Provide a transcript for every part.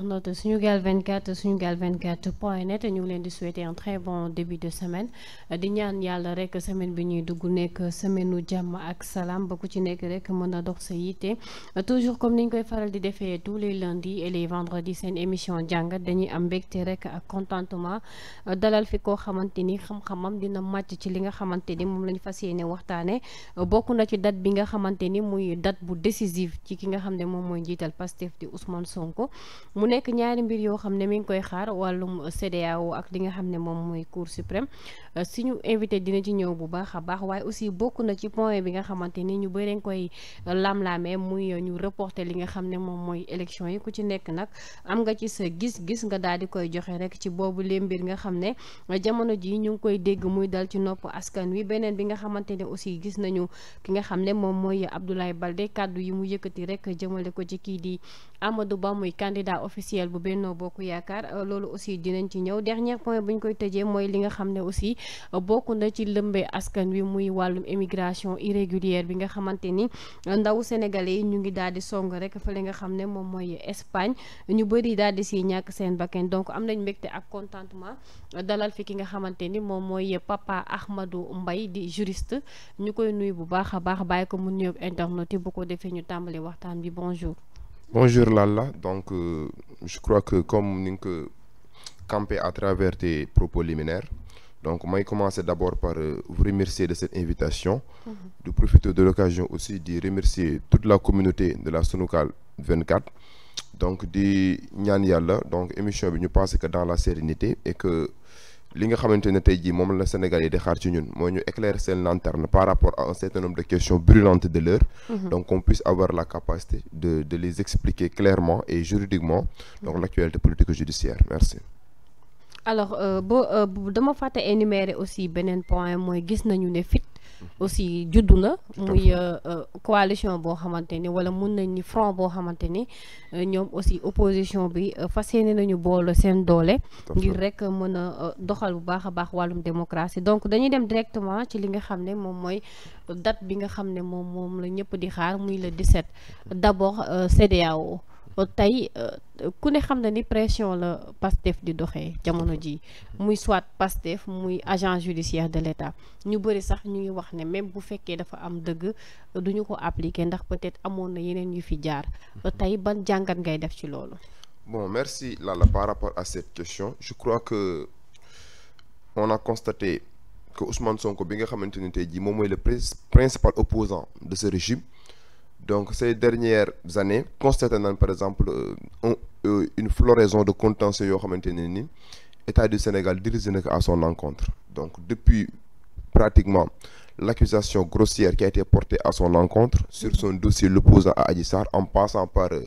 suñu Sunugal 24 Sunugal 24 point net ñu ngi leen di souhaiter un très bon début de semaine di ñaan yàlla rek semaine bi ñuy dugg nekk semaine u jàmm ak salaam ba ku ci nekk rek mën a dox sa yitte toujours comme ni ñu koy faral di defee tous les lundis et les vendredis seen émission jàngat dañuy am mbégte rek ak contentement dalal fi koo xamante ni xam-xamam dina màcc ci li nga xamante ni moom lañu fas yéene waxtaane bokk na ci date bi nga xamante ni muy dat bu décisive ci ki nga xam ne moom mooy njiital Pastef di Ousmane Sonko mu nekk ñaari mbir yoo xam ne mu ngi koy xaar wàllum CEDEAO ak li nga xam ne moom mooy Cour suprême euh, suñu invité dina ci ñëw bu baax a baax waaye aussi bokk na ci point bi nga xamante ni ñu bëri nga koy euh, lamlaamee muy euh, ñu reporter li nga xam ne moom mooy élection yi ku ci nekk nag am ci sa gis-gis nga daal di koy joxe rek ci boobu lee mbir nga xam ne jamono ji ñu ngi koy dégg muy dal ci nopp askan wi beneen bi nga xamante ne aussi gis nañu ki nga xam ne moom mooy Abdoulaye Balde kàddu yi mu yëkkati rek jëmale ko ci kii di Amadou Ba muy candidat officiel bu Benno Bokk Yaakaar euh, loolu aussi dinañ ci ñëw dernier point bu ñu koy tëjee mooy li nga xam ne aussi euh, bokk na ci lëmbee askan wi muy wàllum émigration irrégulière bi nga xamante ni euh, ndaw sénégalais yi ñu ngi daal di song rek fa li nga xam ne moom mooy Espagne ñu bëri daal di siy ñàkk seen bakkan donc am nañ mbégte ak contentement dalal fi ki nga xamante ni moom mooy Papa Ahmadou mbay di juriste ñu koy nuyu bu baax a baax bàyyi ko mu nuyoog internet bu ko defee ñu tàmbali waxtaan bi bonjour Bonjour Lalla, donc euh, je crois que comme ni nga ko campé à travers tes propos liminaires donc may commencer d'abord par euh, vous remercier de cette invitation mm -hmm. de profiter de l'occasion aussi di remercier toute la communauté de la Sunugal 24 donc di ñaan yàlla donc émission bi ñu pensé que dans la sérénité et que li nga xamante ne tey jii moom la Sénégal yi di xaar ci ñun mooy ñu éclairer seen lanterne par rapport à un certain nombre de questions brûlantes de l'heure mhm. donc qu'on puisse avoir la capacité de de les expliquer clairement et juridiquement donc mhm. l'actualité politique judiciaire alors euh, ba euh, dama fàtte énumérer aussi beneen point mooy gis nañu ne fit aussi juddu na muy euh, euh, coalition boo xamante ni wala mun nañ ni front boo xamante ni euh, ñoom aussi opposition bi fas yéene nañu boole seen doole ngir rek mën a doxal bu baax a baax wàllum démocratie donc dañuy dem directement ci li nga xam ne moom mooy dat bi nga xam ne moom moom la ñëpp di xaar muy le 17 d'abord CEDEAO tey euh, ku ne xam na ni pression la Pastef di doxee jamono ji muy soit Pastef muy agent judiciaire de l'État ñu bëri sax ñu ngi wax ne même bu fekkee dafa am dëgg duñu ko appliquer ndax peut-être amoon na yeneen yu fi jaar tey ban jàngat ngay def ci loolu. bon merci Lala par rapport à cette question je crois que on a constaté que Ousmane Sonko bi nga xamante nit tey jii moom mooy le principal opposant de ce régime. donc ces dernières années constaté nañ par exemple euh, un euh, une floraison de contentieux yoo xamante ne ni état du Sénégal dirigé na ko à son encontre donc depuis pratiquement l'accusation grossière qui a été portée à son encontre sur son dossier l'opposant à Adji Sarr en passant par euh,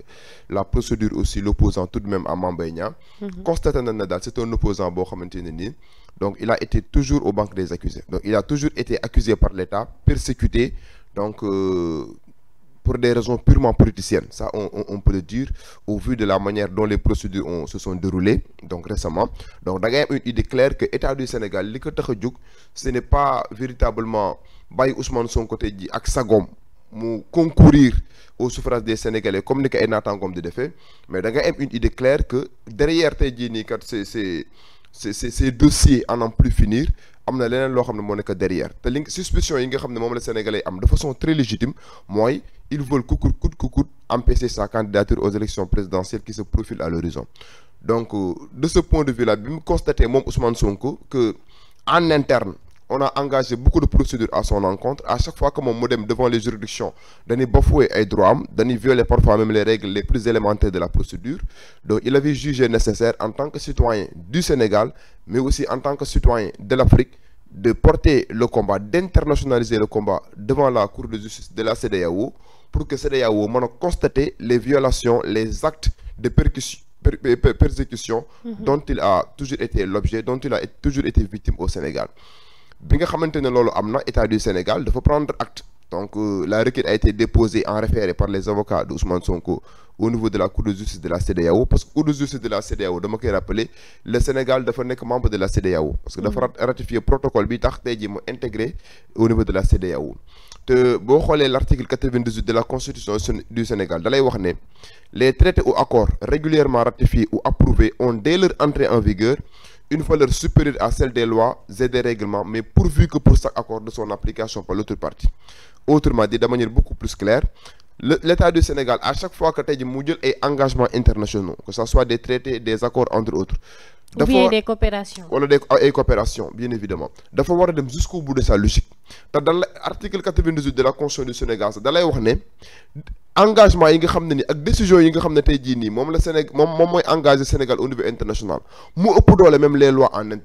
la procédure aussi l'opposant tout de même à Mame Mbaye Niang mm daal c'est un opposant boo xamante ne nii donc il a été toujours au banc des accusés donc il a toujours été accusé par pour des raisons purement politiciennes. Ça, on, on, on, peut le dire au vu de la manière dont les procédures ont, se sont déroulées, donc récemment. Donc, d'ailleurs, une idée claire que l'État du Sénégal, ce n'est pas véritablement Baye Ousmane son côté dit Aksagom, concourir au suffrage des Sénégalais comme ni ko ay naataangoom di defee mais da nga am une idée claire que derrière tey jii nii kat ces ces ces ces dossiers en n'en plus finir am na leneen loo xam ne moo nekk derrière te li suspicion yi nga xam ne moom la Sénégalais am de façon ils veulent que coûte que coûte empêcher sa candidature aux élections présidentielles qui se profilent à l'horizon euh, de ce point de vue là bi mu constaté moom Ousmane Sonko que en interne on a engagé beaucoup de procédures à son encontre à chaque fois que moom mu dem devant les juridictions dañuy bafouer ay droits am dañuy violer parfois même les règles les plus élémentaires de la procédure il avait jugé nécessaire en tant que citoyen du Sénégal mais aussi en tant que citoyen de l'Afrique de porter le combat d'internationaliser le combat devant la Cour de pour que CEDEAO mën a constater les violations les actes de percussion persécution mhm. dont il a toujours été l'objet dont il a toujours été victime au Sénégal bi nga xamante ne loolu am na état du Sénégal dafa prendre acte donc euh, la requête a été déposée en référé par les avocats de Ousmane Sonko au niveau de la cour de justice de la CEDEAO parce que cour de justice de la CEDEAO dama koy rappeler le Sénégal dafa nekk membre de la CEDEAO parce mhm. bi tax tey ji mu intégré au niveau de la CEDEAO te boo xoolee l' article 98 de la constitution du Sénégal dalay wax ne les traités ou accords régulièrement ratifiés ou approuvés ont dès leur entrée en vigueur une valeur supérieure à celle des lois des règlements mais pourvu que pour chaque accord de son application par l'autre partie autrement dit de manière beaucoup plus claire l'État du Sénégal à chaque fois que tey ji mu jël ay engagements internationaux que ça soit des traités des accords entre ou bien des wala des ah, ay coopération bien évidemment dafa war a dem jusqu'au bout de sa logique te dal article 98 de la constitution du Sénégal sax da wax ne engagement yi nga xam ne ni ak décision yi nga xam ne tey jii nii moom la Sénégal moom moom mooy engagé Sénégal au niveau international mu ëpp doole même les lois ne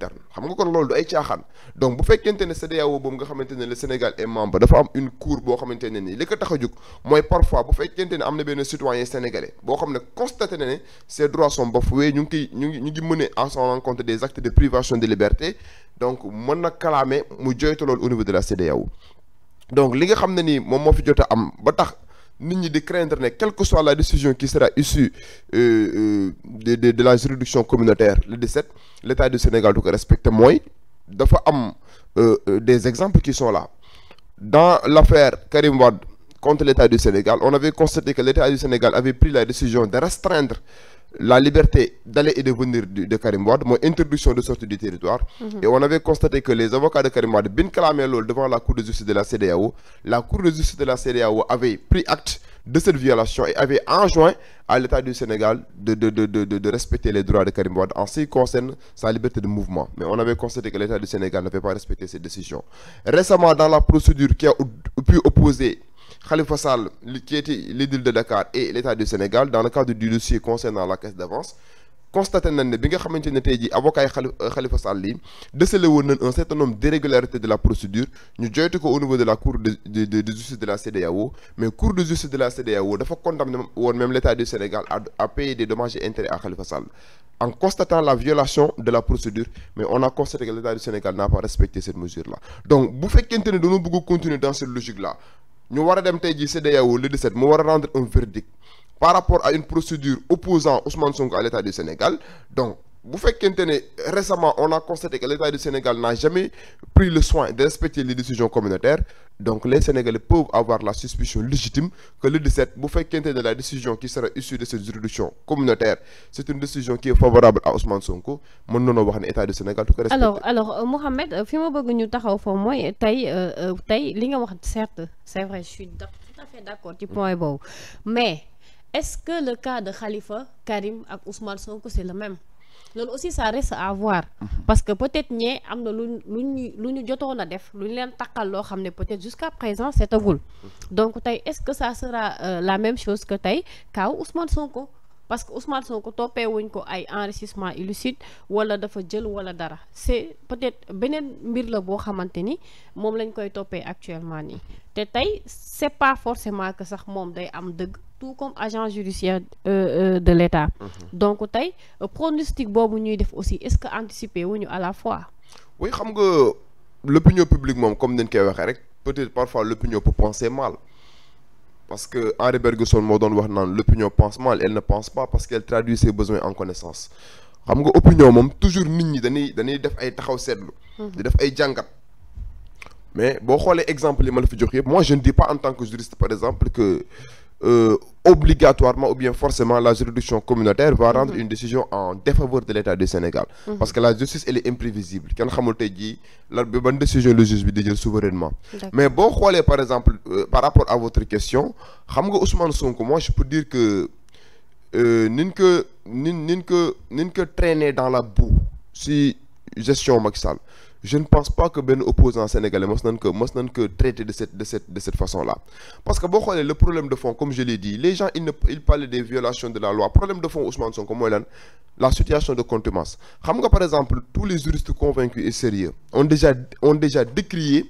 CEDEAO ne le Sénégal est membre dafa am ne nii li ko tax a jóg mooy parfois bu fekkente ne am na benn citoyen ne constaté na ne ses droits sont bafoués ñu ngi koy ñu ngi ñu ngi mené nga xam ne nii moom moo fi jot a am ba tax nit ñi di craindre ne quelle que soit la décision qui sera issue euh, euh de, de de la juridiction communautaire le 17 l'État du Sénégal du ko respecté mooy dafa am euh, euh, des exemples qui sont là dans l'affaire Karim Wade contre l'État du Sénégal on avait constaté que l'État du Sénégal avait pris la décision de restreindre la liberté d'aller et de venir de, de Karim Wade mooy interdiction de sortie du territoire mm -hmm. et on avait constaté que les avocats de Karim Wade bin clamé devant la cour de justice de la CEDEAO la cour de justice de la CEDEAO avait pris acte de cette violation et avait enjoint à l'État du Sénégal de respecter les droits de Karim en ce qui concerne sa liberté de mouvement mais on avait constaté que l'État du Sénégal n'avait pas respecté cette décision la procédure Khalifa Sall, qui était l'édile de Dakar et l'État du Sénégal, dans le cadre du dossier concernant la caisse d'avance, constaté nañ ne bi nga xamante ne tey jii avocat yi euh, Khalifa Sall yi décelé woon nañ un certain nombre d'irrégularités de la procédure ñu joytu ko au niveau de la cour de de justice de la CEDEAO mais cour de justice dafa condamné woon même l'État du Sénégal à payer des dommages et à Khalifa Sall en constatant la violation de la procédure a constaté que l'État du Sénégal ne dañoo bëgg continuer dans cette logique là ñu war a dem tey jii CEDEAO le 17 mu war a rendre un verdict par rapport à une procédure opposant Ousmane Sonko à l'État du Sénégal donc bu fekkente ne récemment on a constaté que l'État du Sénégal n'a jamais pris le soin de respecter les décisions communautaires Donc les Sénégalais peuvent avoir la suspicion légitime que le 17, vous faites qu'un de la décision qui sera issue de cette juridiction communautaire, c'est une décision qui favorable à Ousmane Sonko, mon non avoir un état de Sénégal tout cas Alors alors euh, Mohamed, euh, fi ma bëgg ñu taxaw fo moy tay tey li nga wax certes, c'est vrai, je suis tout à fait d'accord ci point bobu. Mais est-ce que le cas de Khalifa Karim ak Ousmane Sonko c'est le même loolu aussi ça reste à voir parce que peut-être ñee am na lu luñ lu ñu jotoon a def lu ñu leen takkal loo xam ne peut-être jusqu'à présent setagul donc tey est-ce que ça sera euh, la même chose que tey kaaw Ousmane ko parce que Ousmane ko toppee wuñ ko ay enrichissement illicite wala dafa jël wala dara c'est peut-être beneen mbir la boo xamante ni moom lañ koy toppee actuellement nii te tey c'est pas forcément que sax moom day am dëgg tout comme agent judiciaire euh, euh, de l'État. Mm -hmm. tey pronostic boobu ñuy def aussi est-ce que anticiper wuñu à la fois. oui xam nga l'opinion publique moom comme nañ koy waxee rek peut-être parfois l'opinion peut penser mal parce que Henri Bergson moo doon wax naan l'opinion pense mal elle ne pense pas parce qu'elle traduit ses besoins en connaissance xam nga opinion moom toujours nit ñi dañuy dañuy def ay taxaw seetlu. Mhm. di def ay jàngat. mais boo xoolee exemple yi ma la fi jox yëpp moi je ne dis pas en euh, obligatoirement ou bien forcément la juridiction communautaire va rendre mm -hmm. une décision en défaveur de l'État du Sénégal. Mhm. Parce que la justice, elle est imprévisible. Quand on la bonne décision le juge de dire souverainement. Mais bon, par exemple, euh, par rapport à votre question, Ousmane Sonko, moi je peux dire que euh, nous que nous que traîner dans la boue si gestion Maxal. je ne pense pas que benn opposant sénégalais mos nañ ko mos nañ ko traité de cette de cette façon là parce que boo xoolee le problème de fond comme je l'ai dit les gens ils ne ils des violations de la loi problème de fond Ousmane Sonko mooy lan la situation de contumace xam nga par exemple tous les juristes convaincus et sérieux ont déjà décrié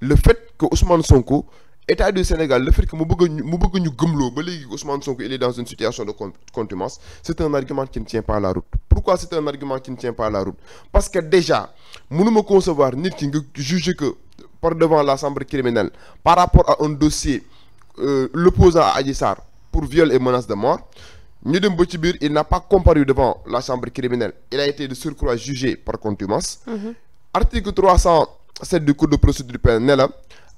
le fait que Ousmane Sonko état du Sénégal le fait que mu bëgg ñu mu bëgg ñu gëmloo ba léegi mënuma concevoir nit ki nga juger que par devant la chambre criminelle par rapport à un dossier euh, l'opposant à Adji Sarr pour viol et menace de mort ñu dem ba ci biir il n'a pas comparu devant la chambre criminelle il a été de surcroît jugé par contumace mhm. article 307 du code de procédure pénale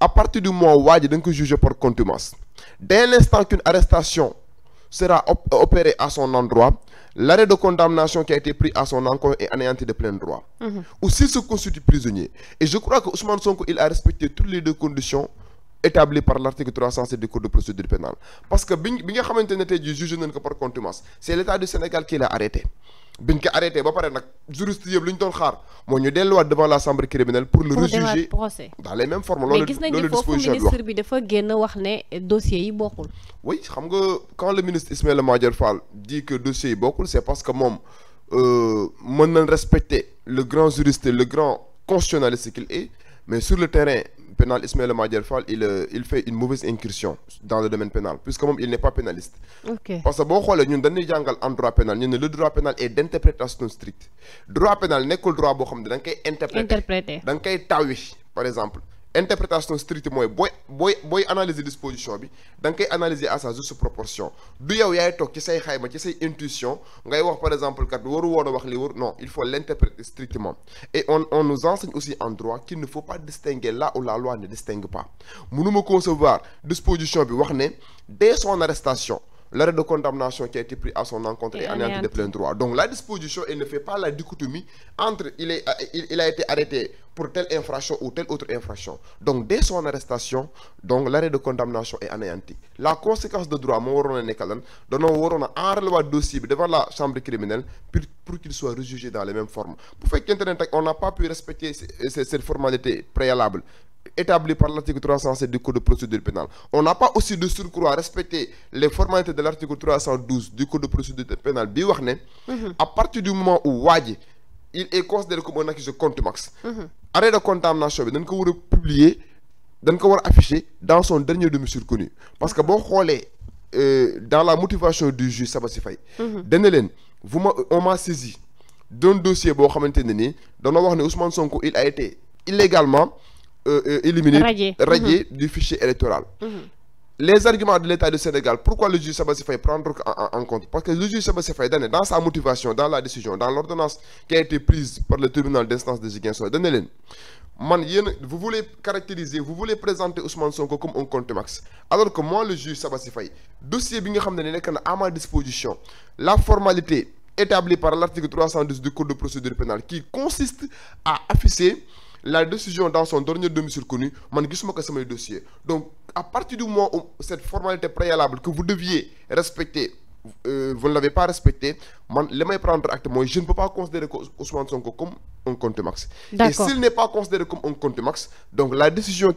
à partir du moment waa ji da nga ko jugé par contumace dès l'instant qu'une arrestation sera op opéré à son endroit, l'arrêt de condamnation qui a été pris à son encontre est anéanti de plein droit. Mm se constitue prisonnier. Et je crois que Ousmane Sonko, il a respecté toutes les deux conditions établi par l'article 307 du de procédure pénale. Parce que, bien que vous juge par contumace, c'est l'État du Sénégal qui l'a arrêté. biñ ko arrêté ba pare nag juriste yëpp li ñu doon xaar moo ñu delluwaat devant la chambre criminelle pour le rejuger dans les mêmes formes loolu gis bi dafa génn wax ne dossiers yi bokkul oui xam nga quand le ministre Ismaïla Madior Fall dit que dossiers yi bokkul c'est parce que moom euh, mën nañ respecter le grand juriste le grand constitutionnaliste qu'il est Mais sur le terrain pénal, Ismaël Madiel Fall, il, euh, il fait une mauvaise incursion dans le domaine pénal, puisque même il n'est pas pénaliste. Okay. Parce que bon, nous avons un droit pénal. Le droit pénal est d'interprétation stricte. Le droit pénal n'est que le droit qui est interprété. Interprété. Par exemple. interprétation stricte mooy booy booy booy analyser disposition bi da nga koy analyser à sa juste proportion du yow yaay toog ci say xayma ci say intuition ngay wax par exemple kat waru woon a wax li waru non il faut l'interpréter strictement et on on nous enseigne aussi en droit qu'il ne faut pas distinguer là où la loi ne distingue pas mënuma concevoir disposition bi wax ne dès son arrestation l'arrêt de condamnation qui a été pris à son encontre est anéanti de plein droit. Donc la disposition, elle ne fait pas la dichotomie entre euh, il, a été arrêté pour telle infraction ou telle autre infraction. Donc dès son arrestation, donc l'arrêt de condamnation est anéanti. La conséquence de droit, mon waron nekalan, donnons waron a enrelevé dossier devant la chambre criminelle pour, pour qu'il soit rejugé dans les mêmes formes. Pour faire qu'Internet, on n'a établi par l'article 307 du Code de procédure pénale. On n'a pas aussi de surcroît respecté les formalités de l'article 312 du Code de procédure pénale. Bi wax ne mhm. à partir du moment où waa il est considéré comme un accusé contumax. Mhm. Arrêt de condamnation bi dañ ko war a publier dañ ko war a afficher dans son dernier domicile connu parce que boo xoolee euh, dans la motivation du juge Sabassi Faye. Mhm. dana leen vous ma on m'a boo xamante ne nii dañoo wax ne Ousmane Sonko il a Euh, euh, éliminer radier, radier mhm. du fichier électoral mhm. les arguments de l'État du Sénégal pourquoi le juge Sabassy Faye prendre en, compte parce que le juge Sabassy Faye dane dans sa motivation dans la décision dans l'ordonnance qui a été prise par le tribunal d'instance de Ziguinchor dane leen man yéen vous voulez caractériser vous voulez présenter Ousmane Sonko comme un contumax alors que moi le juge Sabassy Faye dossier bi nga à ma disposition la formalité la décision dans son dernier domicile connu man gisuma ko samay dossier donc à partir du moment où cette formalité préalable que vous deviez respecter Euh, vous ne l'avez pas respecté man li may prendre acte mooy je ne peux pas considérer que Ousmane Sonko comme un contumax. et s'il n'est pas considéré comme un contumax donc la a été foofu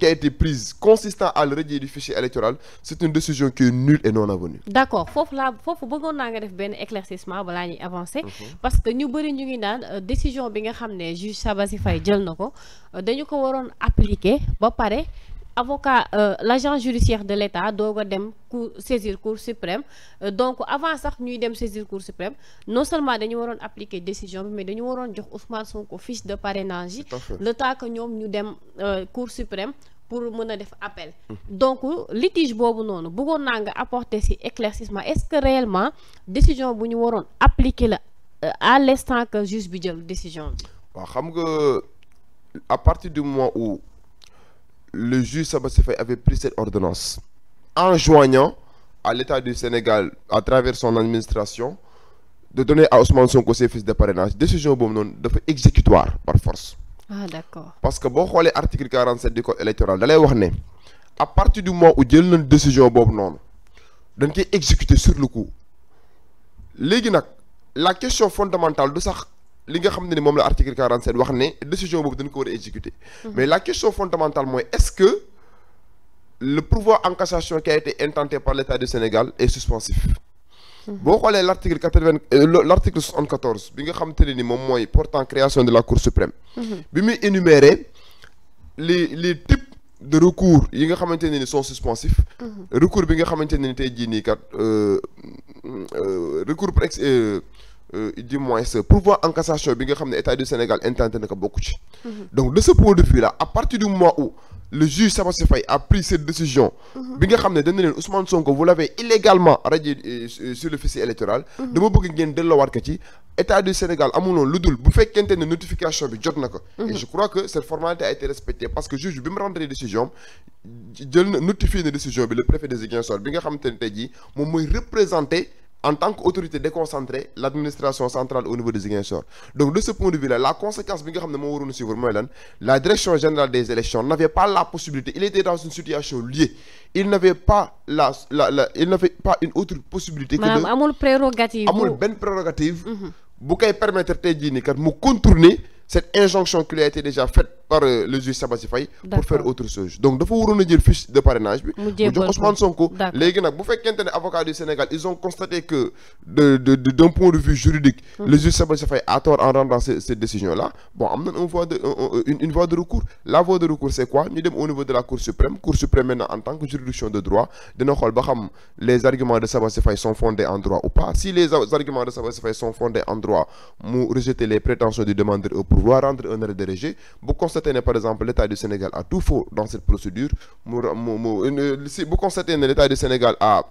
laa foofu bëggoon naa nga def benn éclaircissement balaa ñuy avancer. Mhm. parce que ñu bëri ñu ngi naan euh, décision bi nga xam ne juge Sabassi Faye jël na ko euh, dañu ko waroon appliquer ba pare. avocat euh, l' agent judiciaire de l' état doog dem cour saisir cour suprême euh, donc avant sax ñuy dem saisir cour suprême non seulement dañu waroon appliquer décision bi mais dañu waroon jox Ousmane Sonko fiche de parrainage yi le temps que ñoom ñu dem euh, cour suprême pour mën a def appel mmh. donc litige boobu noonu bëggoon naa nga apporter ci éclaircissement est-ce que réellement décision bu ñu waroon appliquer la euh, à l'instant que juge bi jël décision bi waaw xam nga à partir le juge Sabassy Faye avait pris cette ordonnance enjoignant à l'État du Sénégal à travers son administration de donner à Ousmane Sonko ses fils de décision boobu noonu dafa exécutoire par force. ah parce que boo xoolee article 47 du code électoral dalay wax ne à partir du moment où jël nañ décision boobu noonu dañ koy exécuter sur le coup léegi nag la question fondamentale du sax. li nga xam ne ni moom la article wax ne décision boobu dañ ko war a exécuter mhm. mais la question fondamentale mooy est-ce que le pouvoir en cassation qui a été intenté par l'État du Sénégal est suspensif mhm. boo xoolee l' article euh, bi nga xam te ne ni moom mooy portant création de la cour suprême. Mhm. bi muy énumérer les les types de recours yi nga xamante ne ni sont suspensifs. recours bi nga xamante ne ni tey jii nii kat euh, euh, recours pour Euh, du moins pourvoi en cassation bi nga xam ne état du Sénégal intenté na ko bokku ci. donc de ce point de vue là à partir du moment où le juge Sabassy Faye a pris cette décision. bi nga xam ne dañu leen Ousmane Sonko vous l'avez illégalement radié euh, sur le fichier électoral. dama bëgg ngeen delloowaat ko ci état du Sénégal amuloon lu dul bu fekkente ne notification bi jot na ko. et je crois que cette formalité a été respectée parce que juge bi mu rendre décision jël na notifié na décision bi nga xamante ne tey jii moom mooy représenté. en tant qu'autorité déconcentrée l'administration centrale au niveau de Ziguinchor donc de ce point de vue là la conséquence bi nga xam ne moo waroon suivre mooy lan la direction générale des élections n'avait pas la possibilité il était dans une situation liée il n'avait pas la la la il n'avait une autre possibilité. que de maanaam amul prérogative. amul prérogative. Mhm. bu koy permettre tey jii nii kat mu contourner cette injonction qui lui a été déjà faite. par euh, le juge Sabassi Faye pour faire autre chose donc dafa waroon jël fiche de parrainage bi mu jox Ousmane Sonko léegi bu fekkente ne avocats du Sénégal ils ont constaté que de d'un point de vue juridique le juge Sabassi Faye a tort en rendant cette décision là bon am nañ une voie de euh, une voie de recours la voie de recours c'est quoi ñu dem au niveau de la Cour suprême Cour suprême maintenant en tant que juridiction de droit dina xool ba xam constatez par exemple l'État du Sénégal a tout faux dans cette procédure mu mu mu si bu constatez ne l'État du Sénégal a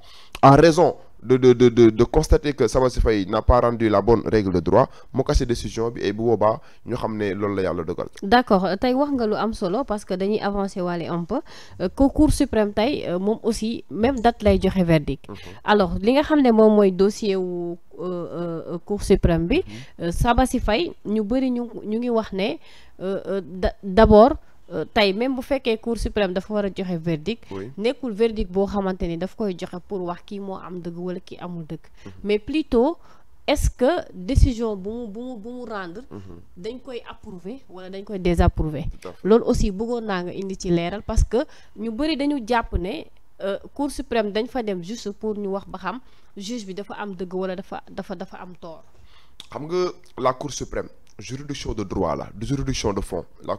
a raison de de de de constater que Sabassy Faye n'a pas rendu la bonne règle de droit mu kase décision bi et bu boobaa ñu xam ne loolu la yàlla dogal. d'accord tey wax nga lu am solo parce que dañuy avancer waale un peu euh, que cour suprême tey euh, moom aussi même date lay joxe verdict. Mm-hmm. alors li nga xam ne moom mooy dossier wu euh, cour suprême bi. Mm-hmm. Sabassy Faye ñu bëri ñu ñu ngi wax ne d'abord. Euh, tey même bu fekkee cour suprême dafa war a joxe verdict nekkul verdict boo xamante ni daf koy joxe pour wax kii moo am dëgg wala kii amul dëgg mhm. mais plutôt est-ce que décision bu mu bu mu bu mu rendre mhm. dañ koy approuver wala dañ koy désapprouver loolu aussi bëggoon naa nga indi ci leeral parce que ñu bëri dañu jàpp ne euh, cour suprême dañ fa dem juste pour ñu wax ba xam juge bi dafa am dëgg wala dafa dafa dafa am tort xam nga la cour suprême juridiction de droit la juridiction de fond la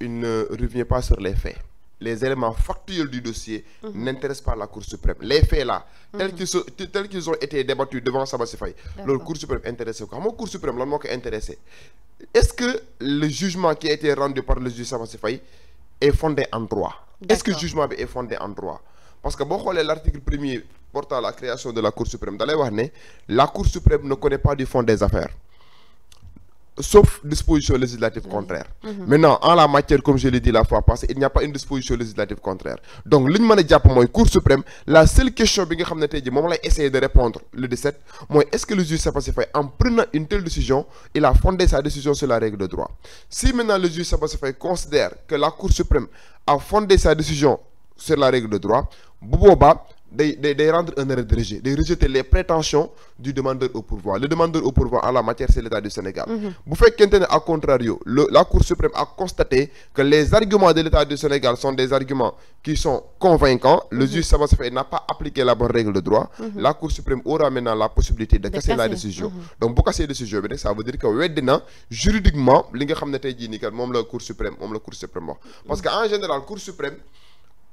il ne revient pas sur les faits les éléments factuels du dossier mmh. n'intéressent pas la Cour suprême les faits là mmh. tels qu'ils ont été débattus devant Sabassi Faye loolu Cour suprême intéressé ko xam Cour suprême lan moo ko intéressé est-ce que le jugement qui a rendu par le juge Sabassi Faye est fondé en droit est-ce que jugement bi est fondé en droit parce que boo xoolee l'article premier portant la création de la Cour suprême da lay wax ne la Cour suprême sauf disposition législative mm-hmm. contraire. Mm-hmm. maintenant en la matière comme je l'ai dit la fois passée il n'y a pas une disposition législative contraire donc li ñu mën jàpp mooy Cour suprême la seule question bi nga xam ne tey jii moom lay essayer de répondre le 17 mooy est-ce que le juge Sapasifay en prenant une telle décision il a fondé sa décision sur la règle de droit si maintenant le juge Sapasifay considère que la Cour suprême a fondé sa décision day day day rendre un arrêt de rejet day rejeter les prétentions du demandeur au pourvoi le demandeur au pourvoi en la matière c'est l'État du Sénégal mhm. bu fekkente ne à contrario la Cour suprême a constaté que les arguments de l'État du Sénégal sont des arguments qui sont convaincants le mhm. juge Samba Safay n'a pas appliqué la bonne règle de droit mhm. la Cour suprême aura maintenant la possibilité de casser la décision donc bu casser décision bi nag ça veut dire li nga xam ne tey jii moom la Cour suprême moom la Cour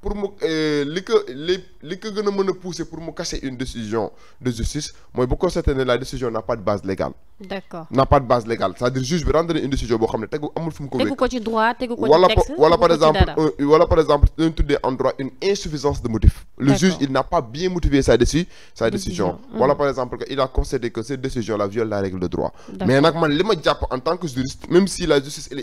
pour mu euh, li ko li gën a mën a pour mu casser une décision de justice mooy bu constater ne la décision n'a pas de base légale. n'a pas de base légale c'est-à-dire juge bi rendre une décision boo xam ne tegu amul fu mu ko. tegu ko ci droit tegu ko ci texte euh, wala par exemple wala par une insuffisance de motif. le juge il n'a pas bien motivé sa décision. wala par exemple il a constaté que cette décision la viole la règle de droit. mais nag man li ma jàpp en tant que juriste même si la justice elle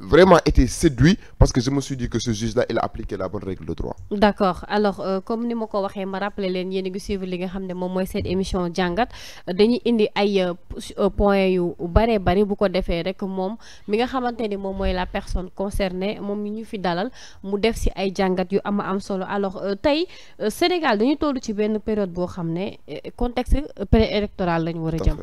vraiment été séduit parce que je me suis dit que ce juge-là il a la bonne règle de droit. d'accord alors euh, comme ni ma ko waxee ma rappelé leen yéen a suivre li nga xam ne moom mooy seen émission jàngat dañuy indi ay euh, euh, point yu baree bari bu ko defee rek moom mi nga xamante ni moom mooy la personne concernée moom mi ñu fi dalal mu def ci ay jàngat yu ama am solo alors tey Sénégal dañu tollu ci benn période boo xam ne contexte préélectoral lañu war a jëm.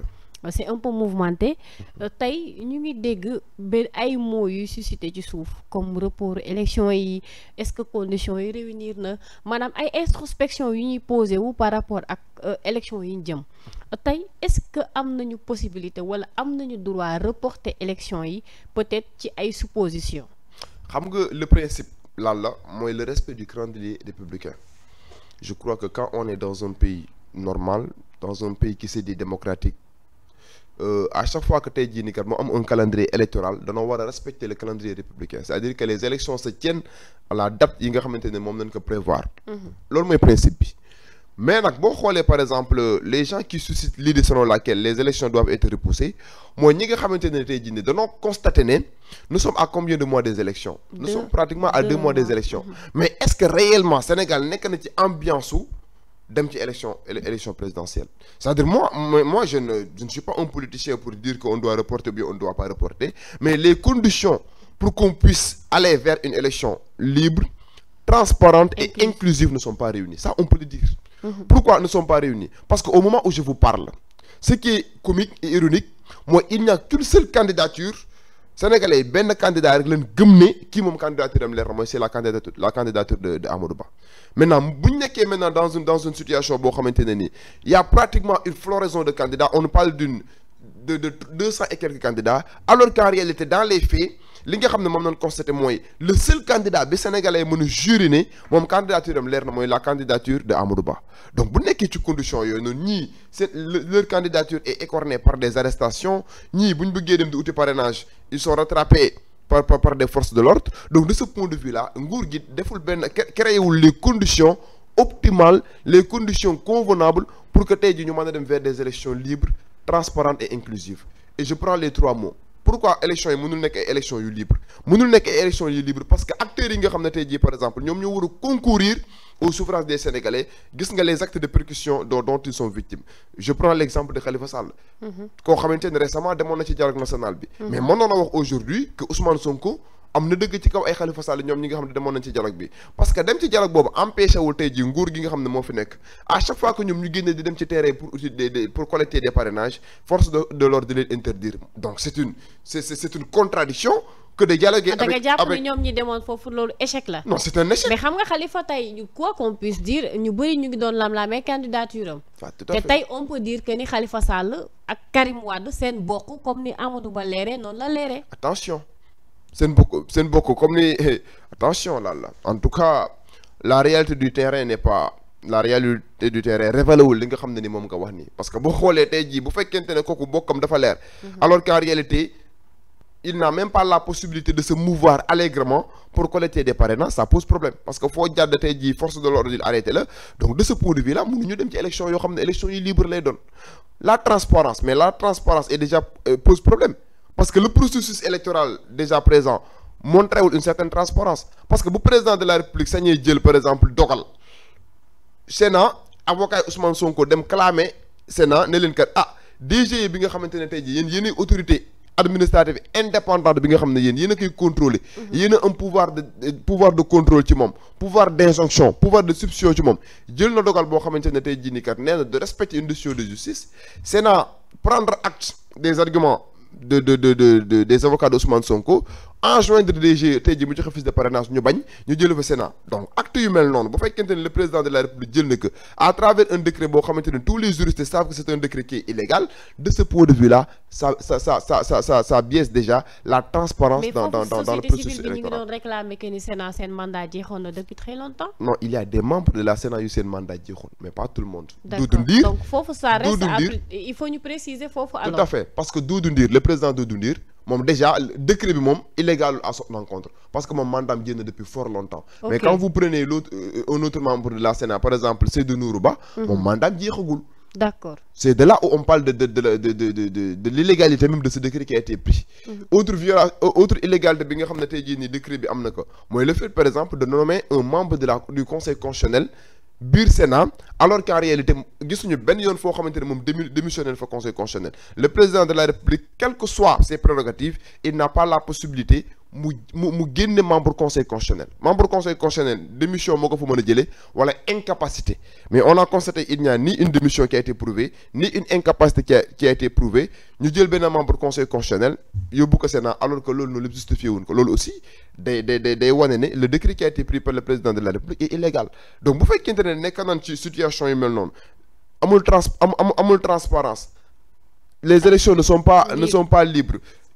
Euh, c'est un peu mouvementé euh, tey ñu ngi dégg ba ay mots yuy suscité ci suuf comme report élection yi est-ce que conditions yi réunir na maanaam ay introspection yu ñuy posé wu par rapport ak euh, élection yi ñu jëm tey est-ce que am nañu possibilité wala am nañu droit reporter élection yi peut-être ci ay suppositions. xam nga le principe lan la mooy le respect du calendrier républicain je crois que quand on est dans un pays normal dans un pays qui se dit démocratique Euh, à chaque fois que tey jii nii kat moo am un calendrier électoral danoo war a respecter le calendrier républicain c'est-à-dire que les élections se tiennent à yi nga xamante ne moom lañ ko prévoir. Mhm. loolu mooy principe bi. mais nag boo xoolee par exemple les gens qui suscitent l'idée selon laquelle les élections doivent être repoussées mooy ñi nga xamante ne tey jii nii danoo constaté ne nous sommes à combien de mois des élections. nous sommes pratiquement dem ci élection élection présidentielle c'est-à-dire moi moi je ne je ne suis pas un politicien pour dire qu'on doit reporter ou bien on doit pas reporter mais les conditions pour qu'on puisse aller vers une élection libre transparente et inclusive ne sont pas réunies ça on peut le dire mhm. pourquoi ne sont pas réunies parce qu'au moment où je vous parle ce qui est comique et ironique moi il n'y a qu'une seule candidature sénégalais benn candidat candidature la candidature la candidature de maintenant bu ñu nekkee maintenant dans une dans une situation boo xamante ne nii y' pratiquement une floraison de candidats on parle d'une de de deux cent et quelques candidats alors qu'en réalité dans les faits li nga xam ne moom lañ constaté mooy le seul candidat bi sénégalais mën a juré ne moom candidature am leer na mooy la candidature de Amadou Ba donc bu nekkee ci condition yooyu noonu ñii seen leur candidature est écornée par des arrestations ñii bu ñu bëggee dem uti parrainage ils sont par par par des forces de l'ordre donc de ce point de vue là nguur gi deful benn créé wul les conditions optimales les conditions convenables pour que tey jii ñu mën a dem vers des élections libres transparentes et inclusives et je prends les trois mots pourquoi élection yi mënul nekk ay élection yu libre mënul nekk ay élection yu libre parce que acteurs yi nga xam ne tey par exemple ñoom ñoo war concourir au suffrage des sénégalais gis nga les actes de percussion dont ils sont victimes je prends l' de Khalifa Sall. Mm-hmm. koo xamante ne récemment demoon na ci dialogue national bi. Mm-hmm. mais mënoon na wax aujourd'hui que Ousmane Sonko. am na dëgg ci kaw ay Khalifa Sall ñoom ñi nga xam ne demoon nañ ci dialogue bi parce que dem ci dialogue boobu empêché wul tey ji nguur gi nga xam ne moo fi nekk à chaque fois que ñoom ñu génne di dem ci terrain pour utiliser pour collecter force de de di leen interdire donc c'est une c'est une contradiction que de dialoguer avec avec jàpp ne ñoom ñi demoon foofu loolu échec la. non c'est un échec mais xam nga Khalifa tey quoi qu'on puisse dire ñu bëri ñu ngi doon seen bokk ni Amadou Ba leeree noonu la leeree. attention. seen bokk seen bokk comme ni attention là là en tout cas la réalité du terrain n'est pas la réalité du terrain révélé li nga xam ne ni moom nga wax nii parce que boo xoolee tey jii bu fekkente ne kooku bokkam dafa leer mhm. alors à réalité il n'a même pas la possibilité de se mouvoir allègrement pour collecter des parrainages ça pose problème parce que foo jàdd tey jii force de l'ordre arrêté la donc de ce point de vue là mënuñu dem ci élection yoo xam ne élection yi libre lay doon la la transparence est déjà euh, pose parce que le processus électoral déjà présent montré wul une certaine transparence parce que bu président de la république sañee jël par exemple dogal Sénat avocat Ousmane Sonko dem clamer Sénat ne leen kat ah DG bi nga xamante ne tey jii yéen yéenay autorité administrative indépendante bi nga xam ne yéen yéen a koy contrôler mhm. yéen a am pouvoir de euh, pouvoir de contrôle ci moom pouvoir d' pouvoir de substitution ci moom jël na dogal boo xamante ne tey jii nii kat nee na de respecter une décision de prendre acte des arguments. de de de de des avocats d'Ousmane Sonko en des GIE tey jii mu joxe fiche de parrainage ñu bañ ñu jëlee fa Sénat donc acte le président de la République jël na ko à travers un décret boo xamante ne tous les juristes savent que c'est un décret qui illégal de ce point de vue là ça ça ça ça ça biaise déjà la transparence dans dans le processus électoral longtemps. non il y a des membres de la Sénat yu seen mandat jeexoon mais pas tout le monde. d'accord donc foofu ça reste il faut ñu préciser moom déjà décret bi moom illégal à son encontre parce que moom mandaam génn depuis fort longtemps okay. mais quand vous prenez l'autre euh, un autre membre de la Sénat par exemple Seydou Nourou Ba mhm. moom mandaam jeexagul d'accord c'est de là on parle de de de de de de de, de l'illégalité même de ce décret qui a été pris mm -hmm. autre viola euh, autre illégalité bi nga xam ne tey jii nii décret bi am na ko mooy le fait par exemple de nommer un membre de la du conseil constitutionnel biir sena alors qu'en réalité gisuñu benn yoon foo xamante ne moom démissionné fa conseil constitutionnel le président de la république quelles que soient ses prérogatives il n'a pas la possibilité mu mu mu génne membre conseil constitutionnel membre conseil constitutionnel démission moo ko fa mën a jëlee wala incapacité mais on a constaté il n'y a ni une démission qui a été prouvée ni une incapacité qui a qui a été prouvée ñu jël benn membre conseil constitutionnel yóbbu ko Sénat alors que loolu noonu la justifié wuñ ko loolu aussi day day day wane ne le décret qui a été pris par le président de la République est illégal donc bu fekkente ne nekk naan ci situation yu mel noonu amul trans amul amul transparence les élections ne sont pas ne sont pas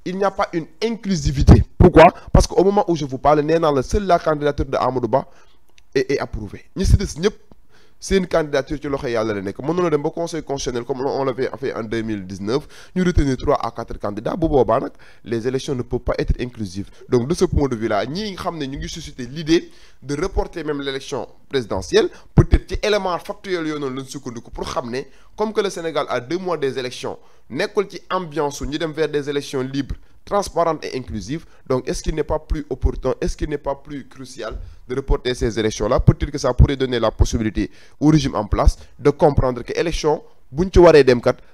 il n'y a pas une inclusivité. Pourquoi Parce qu'au moment où je vous parle, nee naa la seule la candidature de Amadou Ba est est approuvée ñi si des ñëpp. seen candidature ci loxo yàlla la nekk mënoon na dem ba conseil constitutionnel comme on l'avait fait en 2019 ñu retenir trois à quatre candidats bu boobaa nag les élections ne peuvent pas être inclusives donc de ce point de vue là ñi xam ne ñu ngi susciter l'idée de reporter même l'élection présidentielle peut-être ci élément factuel yooyu noonu lañ pour xam ne comme que le Sénégal a deux mois des élections nekkul ci ambiance su ñu dem vers des élections libres transparente et inclusive. Donc, est-ce qu'il n'est pas plus opportun, est-ce qu'il n'est pas plus crucial de reporter ces élections-là? Peut-être que ça pourrait donner la possibilité au régime en place de comprendre que élection bu ci waree dem kat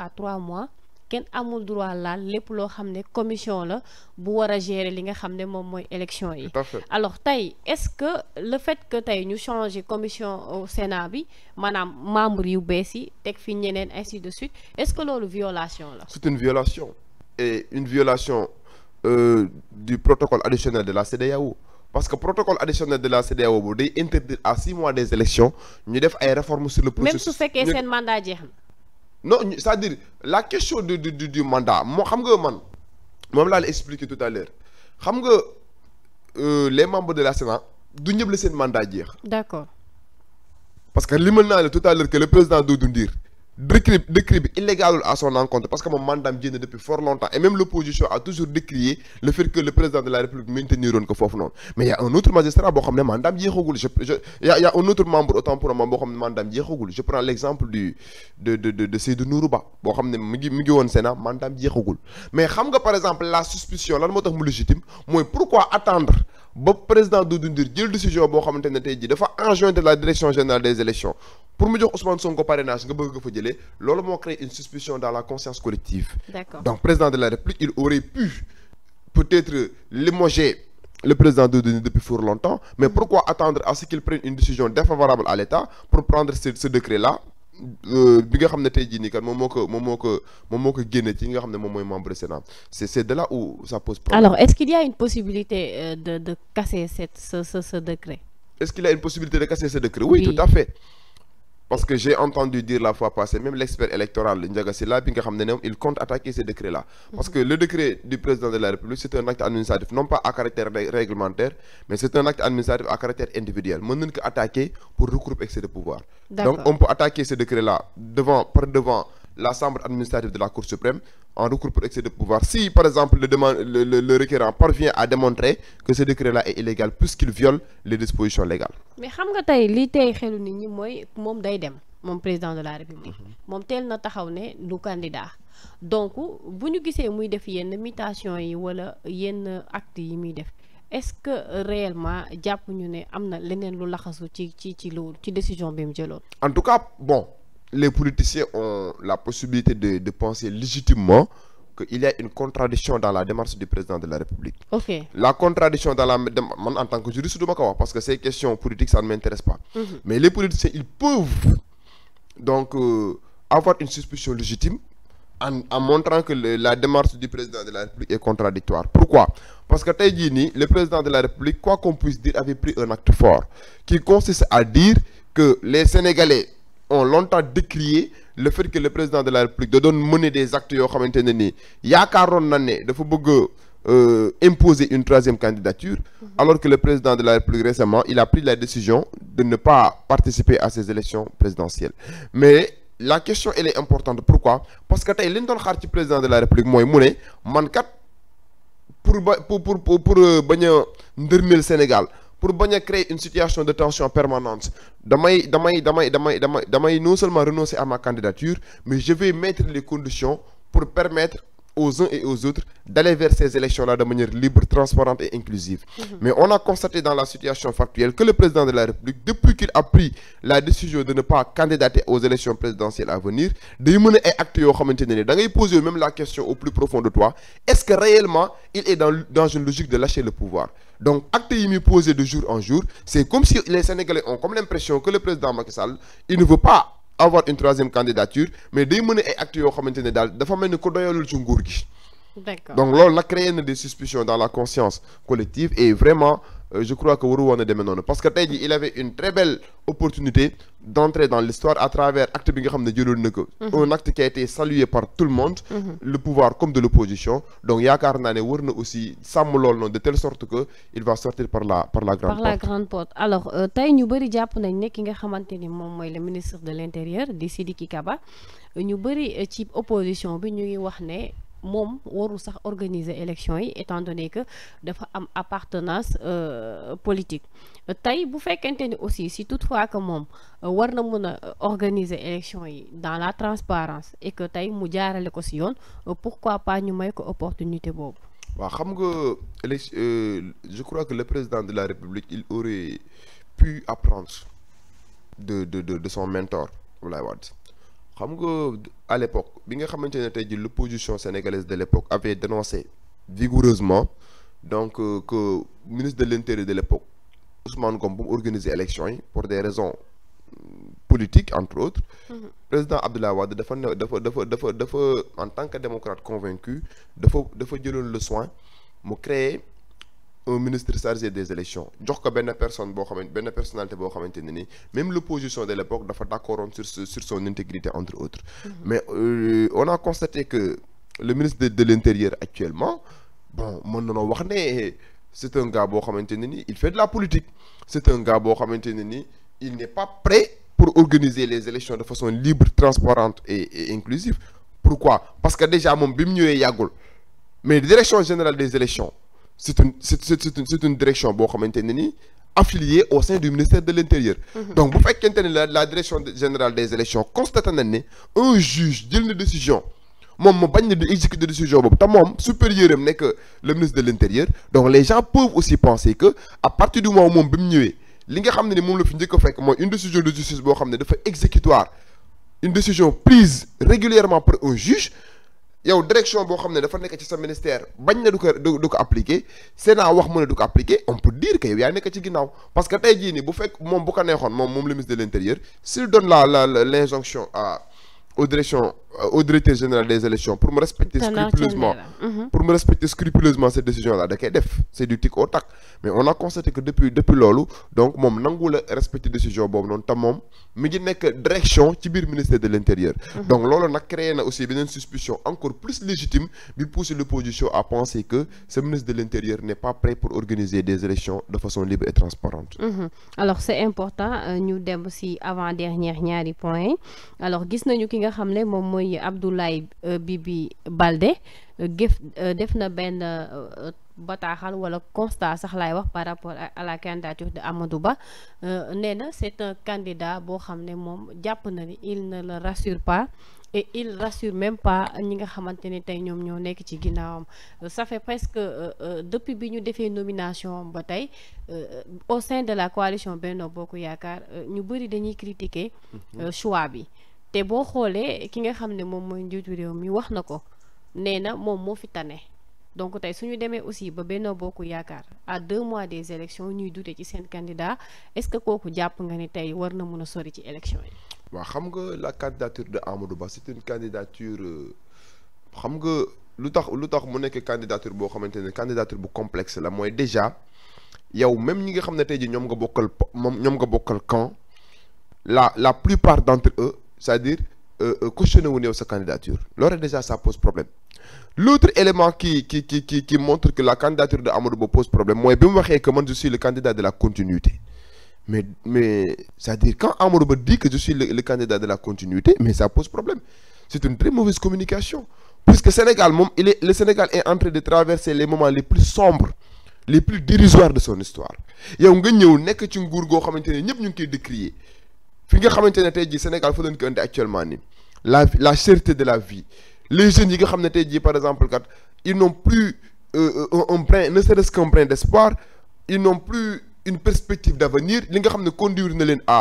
à trois mois kenn amul droit laal lépp loo xam ne commission la bu war a gérer li nga xam ne moom mooy élection yi alors tey est-ce que le fait que tey ñu changer commission Sénat bi maanaam membre yu bees yi teg fi ñeneen ainsi de suite est-ce que loolu violation la c'est une violation et une violation euh, du protocole additionnel de la CEDEAO parce que protocole additionnel de la CEDEAO bu day interdire à six mois des élections ñu def ay réformes sur le processus non c'est-à-dire la question du du du mandat moo xam nga man moom laa la expliqué tout à l'heure xam nga euh, les membres de la Sénat du ñëpp la seen mandat jeex. d'accord. parce que limal naa la tout à l'heure que le président Doudou Ndir décret décret bi illégalul à son encontre parce que moom mandaam jénn depuis fort longtemps et même l'opposition a toujours décrié le fait que le président de la république mainteniroon ko foofu noonu mais y un autre magistrat boo xam ne mandaam jeexagul je je y a prends l'exemple du de de de de Seydou Ba boo xam ne mu ngi mu ngi woon Sénat mandaam jeexagul mais xam nga par exemple la suspicion lan moo tax mu légitime mooy pourquoi attendre ba président décision boo xamante ne tey dafa enjoindre la direction générale des pour mu jox Ousmane Sonko parrainage nga bëgg nga fa jëlee loolu moo créé une suspicion dans la conscience collective. d'accord donc président de la République il aurait pu peut-être limoger le président de Denis depuis fort longtemps mais mm-hmm. pourquoi attendre à ce qu'il prenne une décision défavorable à l'État pour prendre ce décret-là. Euh, bi nga xam ne tey jii nii kat moom moo ko moom moo ko moom moo ko génne ci nga xam ne moom mooy membre Sénat c'est c'est de là où ça pose problème. alors est parce que j'ai entendu dire la fois passée même l'expert électoral Ndiaga Sylla bi nga xam ne ne il compte attaquer ce décret là mhm. parce que le décret du président de la République c'est un acte administratif non pas à caractère réglementaire mais c'est un acte administratif à caractère individuel mën nañ ko attaquer pour recours excès de pouvoir donc on peut attaquer ce décret là devant par devant la chambre de la Cour suprême en recours pour excès de pouvoir. Si, par exemple, le, demande, le, le, le requérant parvient à démontrer que ce décret-là est illégal puisqu'il viole les dispositions légales. Mais tu sais que ce qui est le plus important, mon président de la République. Mhm. Mon tel n'a pas du candidat. Donc, si nous voyons qu'il y a une mutation ou un acte, est-ce que réellement, ci avons ci décision bi est En tout cas, bon, les politiciens ont la possibilité de, de penser légitimement qu'il y a une contradiction dans la démarche du président de la République. La contradiction dans la man en tant que juriste du ma ko wax parce que ces questions politiques ça ne m'intéresse pas. Mm -hmm. Mais les politiciens ils peuvent donc euh, avoir une suspicion légitime en, montrant que le, la démarche du président de la République est contradictoire. Pourquoi? Parce que tey jii nii le président de la République quoi qu'on puisse dire avait pris un acte à dire que les Sénégalais on longtemps décrié le fait que le président de la République da doon mener des actes yoo xamante ne nii yaakaaroon na ne dafa bëgg a euh, imposer une troisième candidature mhm. alors que le président de la République récemment il a pris la décision de ne pas participer à ces élections présidentielles mais la question elle est importante pourquoi parce que tey li ñu doon xaar ci président de la République mooy mu ne man kat pour ba pour pour pour euh, bañ a ndërmeel Sénégal pour bañ a créer une situation de tension permanente damay damay damay damay damay damay non seulement renoncer à ma candidature mais je vais mettre les conditions pour permettre aux uns et aux autres d'aller vers ces élections-là de manière libre, transparente et inclusive. Mhm. Mais on a constaté dans la situation factuelle que le président de la République, depuis qu'il a pris la décision de ne pas candidater aux élections présidentielles à venir, de mener un acte yo xamantene da ngay poser même la question au plus profond de toi, est-ce que réellement il est dans, une logique de lâcher le pouvoir? Donc acte avoir une troisième candidature mais day mën a ay actes yoo xamante ne daal dafa mel ni ko doyalul ci nguur gi. donc loolu nag créer na des suspicions dans la conscience collective et vraiment. Euh, je crois que waru woon a demee noonu parce que tey jii il avait une très belle opportunité d'entrer dans l'histoire à travers acte bi nga xam ne jëloon na ko mhm. un acte qui a été salué par tout le monde mhm. le pouvoir comme de l'opposition donc yaakaar naa ne war na aussi sàmm lool noonu de telle sorte que il va sortir par la par la grande porte alors euh, tey ñu bëri jàpp nañ ne ki nga xamante ni moom mooy le ministre de l'intérieur di Sidiki Kaba ñu bëri ci bi ñu ngi wax ne moom warul sax organiser élection yi étant donné que dafa am appartenance euh, politique tey bu fekkente ni aussi si fois que moom euh, war na mën a euh, organiser élection yi dans la transparence et que tey mu jaarale ko si yoon pourquoi pas ñu may ko opportunité boobu waaw xam nga élection je crois que le président de la république il aurait pu apprendre de de de de son mentor Abdoulaye Wade xam nga à l'époque bi nga xamante ne tey ji l'opposition sénégalaise de l'époque avait dénoncé vigoureusement donc euh, que ministre de l'intérieur de l'époque Ousmane Ngom bu mu organiser élection yi pour des raisons mm, politique entre autres mhm. président Abdoulaye Wade dafa ne dafa dafa dafa dafa en tant que démocrate convaincu dafa dafa jëloon le soin mu créer un ministre chargé des élections jox ko benn personne boo xamante benn personnalité boo xamante ne ni même l'opposition de l'époque dafa d'accordoon sur sur son intégrité entre autres mm -hmm. mais euh, on a constaté que le ministre de, de l'intérieur actuellement bon mën na noo wax ne c'est un gars boo xamante ne ni il fait de la politique c'est un gars boo xamante ne ni il n'est pas prêt pour organiser les élections de façon libre transparente et, et inclusive pourquoi parce que déjà moom bi mu ñëwee yàggul mais direction générale des élections c'est une c'est une direction boo xamante ne ni affiliée au sein du ministère de l'intérieur mm-hmm. donc bu fekkente ne la la direction générale des élections constaté nañ ne un juge jël na décision moom mu bañ na di exécuter décision boobu te moom supérieur am nekk le ministre de l'intérieur donc les gens peuvent aussi penser que à partir du moment moom bi mu ñëwee li nga xam ne ni moom la fi njëkk fekk mooy une décision de justice boo xam ne dafa exécutoire une décision prise régulièrement par un juge yow direction boo xam ne dafa nekk ci sa ministère bañ na du ko du ko appliqué Sénat wax mu ne du ko appliqué on peut dire que yaa nekk ci ginnaaw parce que tey jii nii bu fekk moom bu ko neexoon moom moom le ministre de l'intérieur s'il la la l'injonction aux directions euh, au directeur général des élections pour me respecter scrupuleusement pour me respecter scrupuleusement cette décision là da koy def c'est du tic au tac mais on a constaté que depuis depuis loolu donc moom nangu la respecter décision boobu noonu te moom mi ngi nekk direction ci biir ministère de l'intérieur mhm. donc loolu nag créé na aussi beneen suspicion encore plus légitime bi pousser l'opposition à penser que ce ministre de l'intérieur n'est pas nga xam ne moom mooy Abdoulaye euh, Bibi balde gëf euh, def na benn euh, bataaxal wala constat sax laay wax par rapport à la candidature de Amadou Ba nee na c'est un candidat boo xam ne moom jàpp na ni il ne le rassure pas et il rassure même pas ñi nga xamante ni tey ñoom ñoo nekk ci ginnaawam ça fait presque depuis bi ñu defee nomination ba tey au sein de la coalition Benno Bokk Yaakaar ñu bëri dañuy critiquer mm-hmm. choix bi te boo xoolee ki nga xam ne moom mooy njiitu réew mi wax na ko nee na moom moo fi tane donc tey suñu demee aussi ba benn Bokk Yaakaar à deux mois des élections ñuy dute ci seen candidat est-ce que kooku jàpp nga ni tey war na mun a sori ci élections yi. waaw xam nga la candidature de Amadou Ba c'est une euh, xam nga lu tax lu tax mu nekk candidature boo xamante ne candidature bu complexe la mooy déjà yow même ñi nga xam ne tey ji ñoom nga bokkal moom ñoom nga bokkal camp la la plupart d'entre eux. c'est-à-dire euh, euh, cautionner wu néew sa candidature loolu déjà ça pose problème l'autre élément qui qui qui qui qui montre que la candidature de Amadou Ba pose problème mooy bi mu waxee que man je suis le candidat de la continuité mais mais c'est-à-dire quand Amadou Ba dit que je suis le, le candidat de la continuité mais ça pose problème c'est une très mauvaise communication puisque Sénégal moom il est le Sénégal est en de traverser les moments les yow nga ñëw nekk ci nguur goo xamante ne ñëpp ñu ngi koy décrier fi nga xamante ne tey jii Sénégal fa leen ko indi actuellement nii la la cherté de la vie les jeunes yi nga xam ne tey jii par exemple kat ils n'ont plus euh, euh, un brin ne serait-ce qu'un brin d'espoir ils n'ont plus une perspective d'avenir li nga xam ne conduire na leen à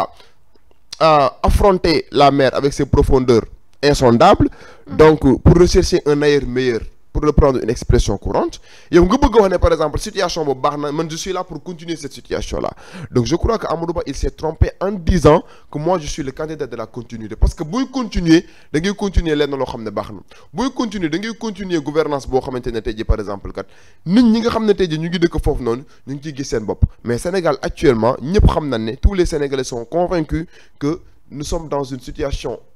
à affronter la mer avec ses profondeurs insondables mm-hmm. donc pour rechercher un ailleurs meilleur pour reprendre une expression courante yow nga bëgg a wax ne par exemple situation boobu baax na man je suis là pour continuer cette situation là donc je crois que Amadou Ba il s'est trompé en disant que moi je suis le candidat de la continuité parce que booy continuer da ngay continuer lenn loo xam ne baax na booy continuer da ngay continuer gouvernance boo xamante ne tey jii par exemple kat nit ñi nga xam ne tey ñu ngi dëkk foofu noonu ñu situation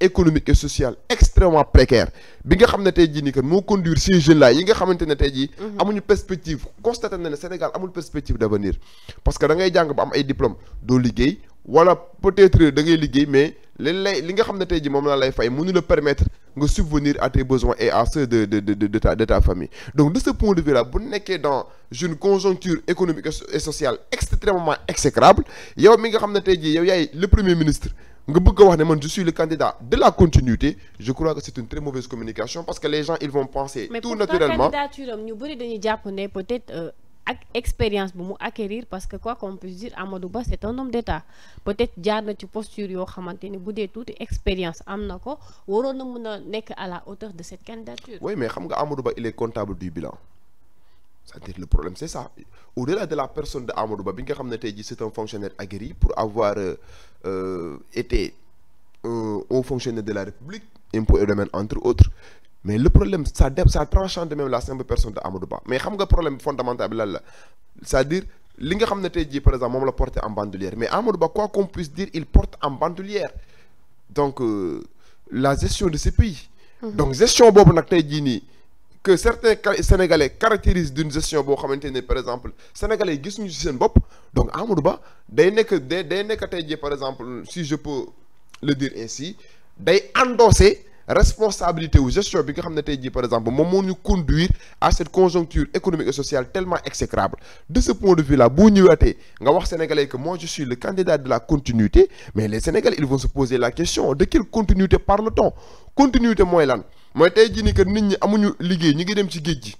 économique et sociale extrêmement précaire bi nga xam ne tey jii ni que moo conduire ces jeunes là yi nga xamante ne tey jii mhm. amuñu perspective constaté na ne Sénégal amul perspective d'avenir parce que da ngay jàng ba am ay diplôme doo liggéey wala peut-être liggéey mais li lay li nga xam ne tey jii moom laa lay fay mënu la permettre nga subvenir à tes besoins et à ceux de de de de ta de ta famille donc de ce point de vue là bu nekkee dans une conjoncture économique et sociale extrêmement exécrable yow mi nga xam ne tey jii yow yaay le premier ministre nga bëgg wax ne man je suis le candidat de la continuité je crois que c'est une très mauvaise communication parce que les gens ils vont penser tout naturellement ñu bëri dañuy jàpp ne peut-être euh, ak expérience bu mu acquérir parce que quoi qu'on puisse dire Amadou Ba c'est un homme d'État peut-être jaar na ci posture yoo xamante ni bu dee tuuti expérience am na ko waroon na mën a nekk à la hauteur de cette candidature oui mais xam nga Amadou Ba il est c'est-à-dire le problème c'est ça au-delà de la personne de Amadou Ba bi nga xam ne tey jii c'est un fonctionnaire aguerri pour avoir euh, euh, été un fonctionnaire de la République impôt et domaine entre autres mais le problème ça de ça transcende même la simple personne de Amadou Ba mais xam nga problème fondamental bi lan la c'est-à-dire li nga xam ne tey jii par exemple moom la porte en bandoulière mais Amadou Ba quoi qu'on puisse dire il porte en bandoulière donc euh, la gestion de ce pays. Mhm. donc gestion boobu nii. que certains sénégalais caractérisent d'une gestion boo xamante ne par exemple sénégalais yi gis ñu ci seen bopp donc Amadou Ba day nekk day day nekk tey par exemple si je peux le dire ainsi day endosser responsabilité wu gestion bi nga xam ne tey jii par exemple moom moo ñu conduire à cette conjoncture économique et sociale tellement exécrable de ce point de vue là boo ñëwaatee nga wax sénégalais que moi je suis le candidat de la continuité mais les sénégalais ils la question de quelle continuité parle-t-on lan. mooy tey jii ni que nit ñi amuñu liggéey ñu ngi dem ci géej gi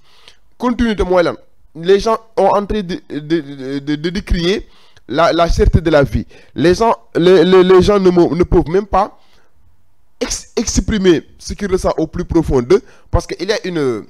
continuité mooy lan les gens ont entré de de de de décrier la la cherté de la vie les gens les les les gens ne ne peuvent même pas ex exprimer ce qu'ils ressentent au plus profonde parce que il y une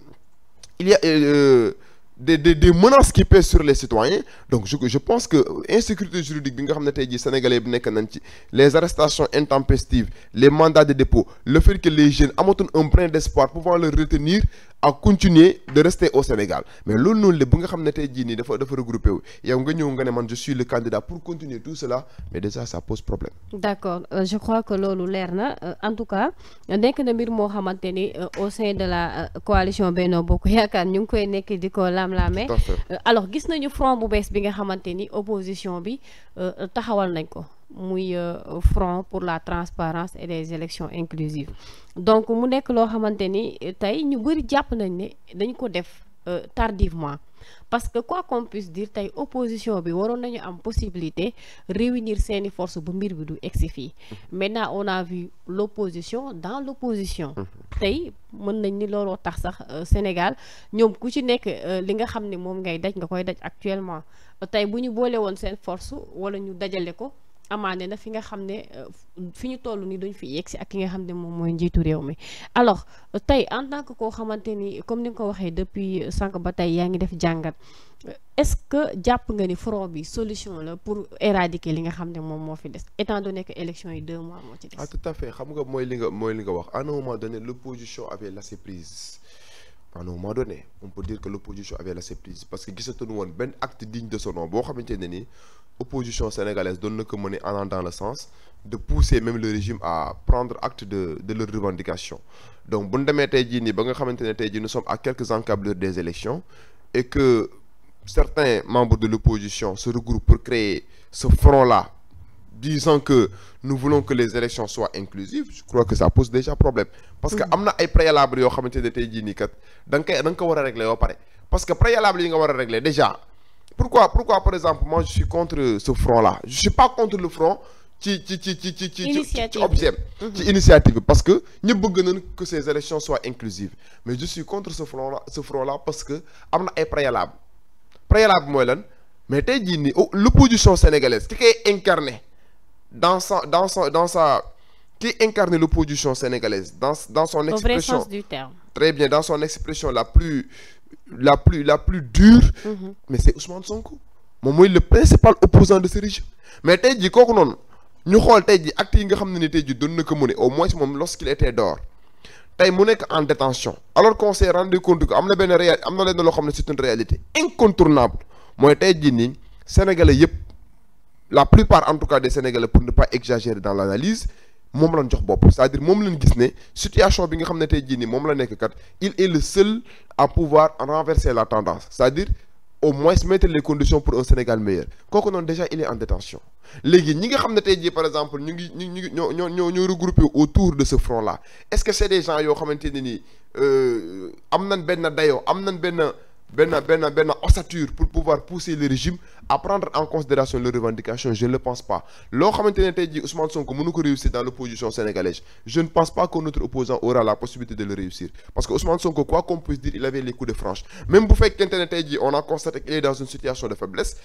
il y a euh, des des des menaces qui pèsent sur les citoyens donc je pense que insécurité juridique bi nga xam ne tey jii sénégalais bi nekk nañ ci les arrestations intempestives les mandats de dépôt le fait que les jeunes amatuñ un brin d'espoir pouvant leur retenir ak continuer de rester au Sénégal mais loolu noonu la bu nga xam ne tey jii nii dafa dafa regroupé wu yow nga ñëw nga ne man je suis le candidat pour continuer tout cela mais déjà ça pose problème. d'accord euh, je crois que loolu leer na euh, en tout cas nekk na mbir moo xamante ni euh, au sein de la coalition Benno Bokk Yaakaar ñu ngi koy nekk di ko lam-laamee. alors gis nañu front bu bees bi nga xamante ni opposition bi taxawal nañ ko. muy euh, front pour la transparence et des élections inclusives donc mu nekk loo xamante ni euh, tey ñu bëri jàpp nañ ni dañ ko def euh, tardivement parce que quoi qu'on puisse dire tey opposition bi waroon nañu am possibilité réunir seeni force bu mbir bi du egsi fii maintenant on a vu l'opposition dans l'opposition tey mën nañ ni looloo tax sax Sénégal ñoom ku ci nekk li nga xam ni moom ngay daj nga koy daj actuellement tey bu ñu boole woon seen force wala ñu dajale ko amaane na fi nga xam ne euh, fi ñu toll nii duñ fi yegg si ak ki nga xam ne moom mooy njiitu réew mi alors tey en tant que koo xamante ni comme ni nga ko waxee depuis euh, sànq ba tey yaa ngi def jàngat euh, est-ce que jàpp nga ni front bi solution la pour éradiquer li nga xam ne moom moo fi des étant donné que élection yi deux mois moo ci des. ah tout xam nga mooy li nga mooy li nga wax à un moment donné l'opposition avait laissé prise à un moment donné on peut dire que l'opposition avait laissé parce que gisatuñu woon benn acte digne boo xamante ne nii. opposition sénégalaise doon na ko mener dans le sens de pousser même le régime à prendre acte de de leurs donc bu ñu demee tey jii nii ba nga xamante ne tey jii nous sommes à quelques encablures des élections et que certains membres de l'opposition se regroupent pour créer ce front-là disant que nous voulons que les élections soient inclusives je crois que ça pose déjà problème parce que mm-hmm. am na ay préalable yoo xamante ne tey jii nii kat da ko war a pourquoi pourquoi par exemple moi je suis contre ce front là je suis pas contre le front ci ci ci ci ci ci ci objet ci initiative bi mhm. parce que ñëpp bëgg nañ que ces élections soient inclusives mais je suis contre ce front là parce que am na ay préalable préalable mooy lan mais tey jii nii oh, l'opposition sénégalaise ki koy incarné dans sa dans sa dans sa qui incarne l'opposition sénégalaise dans dans son expression au vrai très bien dans son expression la plus la plus la plus dure. Mm -hmm. mais c' est Ousmane moom mooy le principal opposant de ce régime mais tey jii kooku noonu ñu xool tey jii actes yi nga xam ne ni tey jii doon na ko mëne au moins moom lorsqu'il était dehors tey mu nekk en détention alors qu'on s'est rendu compte que am na benn réa am na lenn loo xam ne c'est une réalité incontournable mooy tey jii nii sénégalais yëpp la plupart en tout cas des sénégalais pour ne pas exagérer dans l'analyse moom lañ jox bopp c'est-à-dire moom lañ gis ne situation bi nga xam ne tey jii nii moom la nekk kat il est le seul à pouvoir renverser la tendance c'est-à-dire au moins mettre les conditions pour un Sénégal meilleur kooku noonu déjà il est en détention léegi ñi nga xam ne tey jii par exemple ñu ngi ñu ngi ñoo ñoo ñoo ñoo regroupé autour de ce front là est-ce que c'est des gens yoo xamante ne nii euh, am nañ benn dayo am nañ benn. benn benn benn ossature pour pouvoir pousser le régime à prendre en considération leurs revendications je ne le pense pas loo xamante ne tey jii Ousmane Sonko mënu ko réussir dans l'opposition sénégalaise je ne pense pas que notre opposant aura la possibilité de le réussir parce que Ousmane Sonko quoi qu'on puisse dire il avait les coups de franche même bu fekkente ne tey jii on a constaté qu'il est dans une situation de faiblesse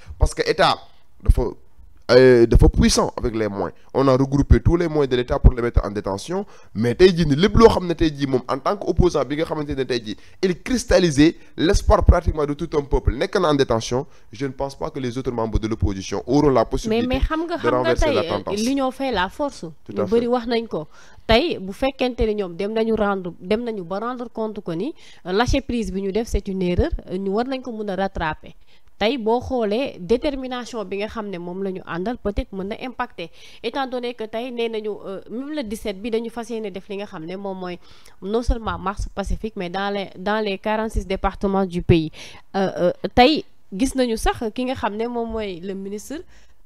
Euh, dafa puissant avec les moyens on a regroupé tous les moyens de l'État pour les mettre en détention mais tey jii ni lépp loo xam ne tey jii moom en tant que opposant bi nga xamante ne tey jii il cristallisait l'espoir pratiquement de tout un peuple nekk na en détention je ne pense pas que les autres mais mais xam nga xam nga tey li ñoo fay la force lu bëri wax nañ ko tey bu fekkente ni ñoom dem nañu rendre dem nañu ba rendre compte que ni euh, lâcher prise bi ñu def c'est une erreur ñu nañ ko mun a rattraper tey boo xoolee détermination bi nga xam ne moom la ñu àndal peut-être mën na impacter étant donné que tey nee nañu euh, même le 17 bi dañu fas yéene def li nga xam ne moom mooy non seulement marche pacifique mais dans le dans les 46 départements du pays euh, euh, tey gis nañu sax ki nga xam ne moom mooy le ministre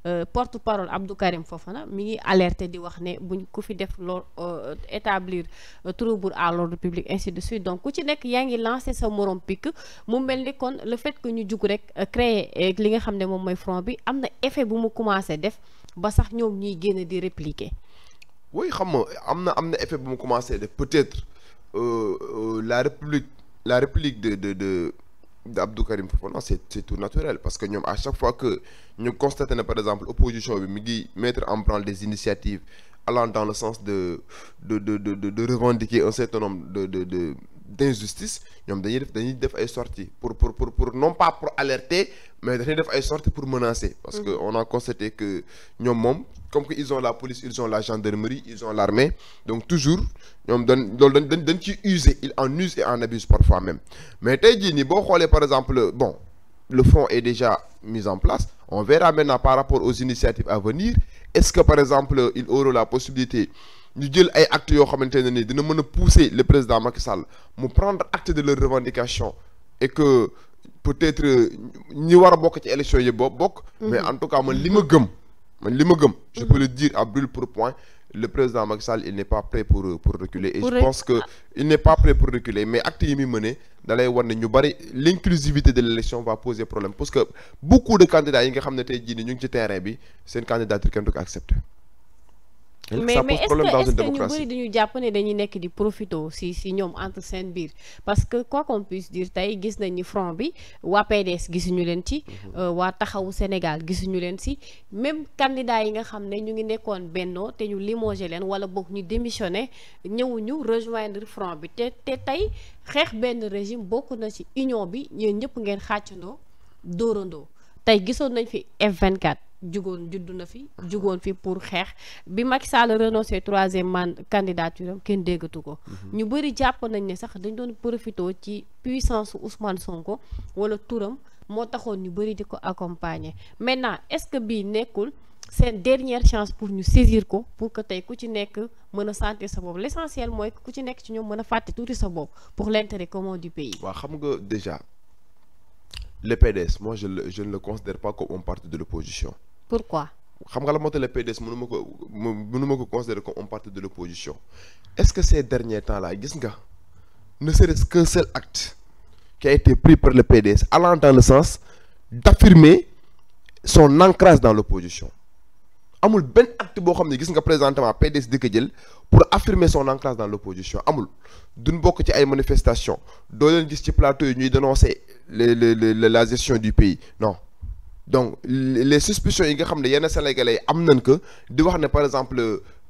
Euh, porte parole Abdou Karim Fofana mi ngi alerté di wax ne buñ ku fi def lor euh, établir euh, trouble à l'ordre public ainsi de suite donc ku ci nekk yaa ngi lancé sa morom pikk mu mel ni kon le fait ñu jug rek créer li nga xam ne moom mooy front bi am na effet bu mu commencé def ba sax ñoom ñuy génn di répliquer. oui xam nga am na am na effet bu mu commencé def peut-être la république la république de de de. Abdou Karim Fofana c'est c'est tout naturel parce que ñoom à chaque fois que ñu constaté ne par exemple opposition bi mi ngi mettre en branle des initiatives allant dans le sens de de de de de revendiquer un certain nombre de de d'injustice ñoom dañuy def dañuy def ay sorties pour pour pour pour non pas pour alerter mais dañuy def ay sorties pour menacer parce que mm. on a constaté que ñoom moom comme que ils ont la police ils ont la gendarmerie ils ont l'armée donc toujours ñoom dañ loolu dañ dañ ciy user ils en usent et en abusent parfois même mais te jii nii boo xoolee par exemple bon le fonds est déjà mis en place on verra maintenant par rapport aux initiatives à venir est-ce que par exemple ils auront la possibilité ñu jël ay actes yoo xamante ne nii dina mën a pousser le président Macky Sall mu prendre acte de leurs revendications et que peut-être ñi war a bokk ci élection yi boo bokk. mais en tout cas man li ma gëm. man li ma gëm. je peux le dire à brûle pour point le président Macky il n'est pas prêt pour pour et je pense que il n'est pas prêt pour reculer mais acte yi muy mené da lay wan ñu bari l'inclusivité de l'élection va poser problème parce que beaucoup de candidats yi ne tey jii nii ñu ngi ci terrain bi seen candidature kenn mais ça pose problème dans une ñu bëri dañuy nekk di profito si si ñoom entre seen biir parce que quoi qu'on puisse tey gis nañ ni front bi waa PDS gisuñu leen ci. Mhm. Euh, waa taxawu Sénégal gisuñu leen si même candidat yi nga xam ne ñu ngi nekkoon bennoo te ñu limogé leen wala boog ñu démissionné ñëwuñu rejoindre front bi te tey xeex benn régime bokk na ci union bi ñeen ñëpp ngeen xàccandoo doorandoo tey gisoon nañ fi F24. jugoon juddu na fi jugoon fi pour xeex bi Macky Sall renoncé troisième man candidature kenn déggatu ko mhm. ñu bëri jàpp nañ ne sax dañ doon profité ci puissance Ousmane Sonko wala tuuram moo taxoon ñu bëri di ko accompagner maintenant est-ce que bii nekkul seen dernière chance pour ñu saisir ko pour que tey ku ci nekk mën a sentir sa bopp l'essentiel mooy ku ci nekk ci ñoom mën a fàtte tuuti sa bopp pour l'intérêt commun du pays waaw xam nga déjà le PDS moi je, le, je ne le considère pas comme un parti de pourquoi. xam nga la moo tax le PDS mënu ma ko mënu ma ko considérer comme un parti de l'opposition est-ce que ces derniers temps là gis nga ne serait-ce qu'un seul acte qui a été pris par le PDS allant dans le sens d'affirmer son ancrage dans l'opposition amul benn acte boo xam ne gis nga présentement PDS di ko jël pour affirmer son ancrage dans l'opposition amul duñ bokk ci ay manifestations doo leen gis ci plateau yi ñuy dénoncer le le la gestion du pays non donc les suspicions yi nga xam ne yenn sénégalais yi am nañ ko di wax ne par exemple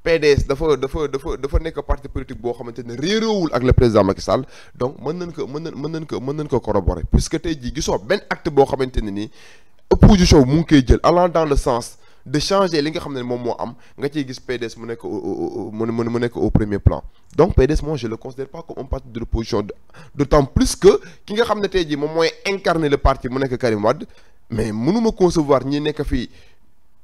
PDS dafa dafa dafa dafa nekk parti politique boo xamante ne réeroowul ak le président Macky Sall donc mën nañ ko mën nañ mën nañ ko mën nañ ko corroborer puisque tey ji gisoo benn acte boo xamante ne nii opposition mu ngi koy dans le sens de li nga xam ne moom moo am nga ciy gis PDS mu nekk mu mu nekk au premier plan donc PDS moi je le considère pas comme un parti de l'opposition plus que ki nga xam ne tey jii moom mooy incarner le parti mu nekk Karim Wade mais mënuma concevoir ñi nekk fi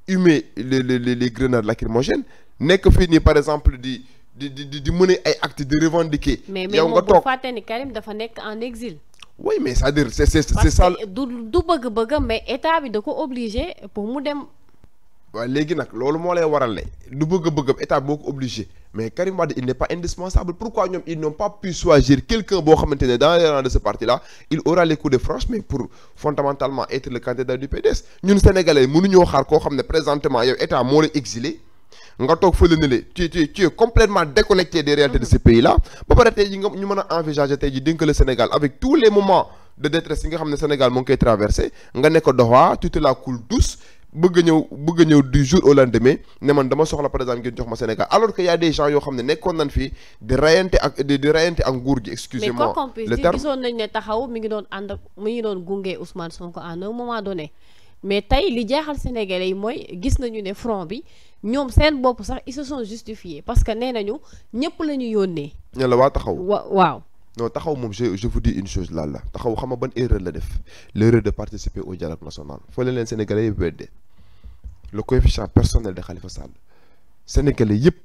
humer les les les grenades lacrymogènes nekk fii nii par exemple di di di di mener ay actes de revendiquer. yow nga toog mais mais moom bu fàtte ni Karim dafa nekk en exil. oui mais c'est-à-dire c'est c'est c'est ça. du du bëgg-bëgg mais état bi da ko obligé pour mu dem. waaye léegi nag loolu moo lay waral ne du bëgg a bëggam état moo ko obligé mais Karim Wade il n'est pas indispensable pourquoi ñoom ils n'ont pas pu choisir quelqu'un boo xamante ne dans les rangs de ce parti là il aura les de franche mais pour fondamentalement être le candidat du PDS ñun sénégalais mënuñoo xaar koo xam ne présentement yow état moo lay exilé nga toog fële ne le tu tu tu es complètement déconnecté des réalités de ce pays là ba pare a envisager le Sénégal avec nga xam ne Sénégal moo ngi koy traversé nga ne ko doxaa tu te bëgg ñëw bëgg ñëw du jour au lendemain ne man dama soxla par exemple ngeen jox ma Sénégal alors que y a des gens yoo xam ne nekkoon nañ fi di rayante ak di rayante ak nguur gi excusez-moi le terme gisoon mi ngi doon ànd ak mi ngi doon gunge Ousmane Sonko à un moment donné mais tey li jaaxal Sénégalais yi mooy gis nañu ne front bi ñoom seen bopp sax ils se parce que nee nañu ñëpp la ñu yónnee ñe la waa taxaw wa waaw non taxaw moom je je vous dis une chose là xam nga ban erreur de participer au dialogue leen leen Sénégalais le coefficient personnel de Khalifa Sall sénégalais yëpp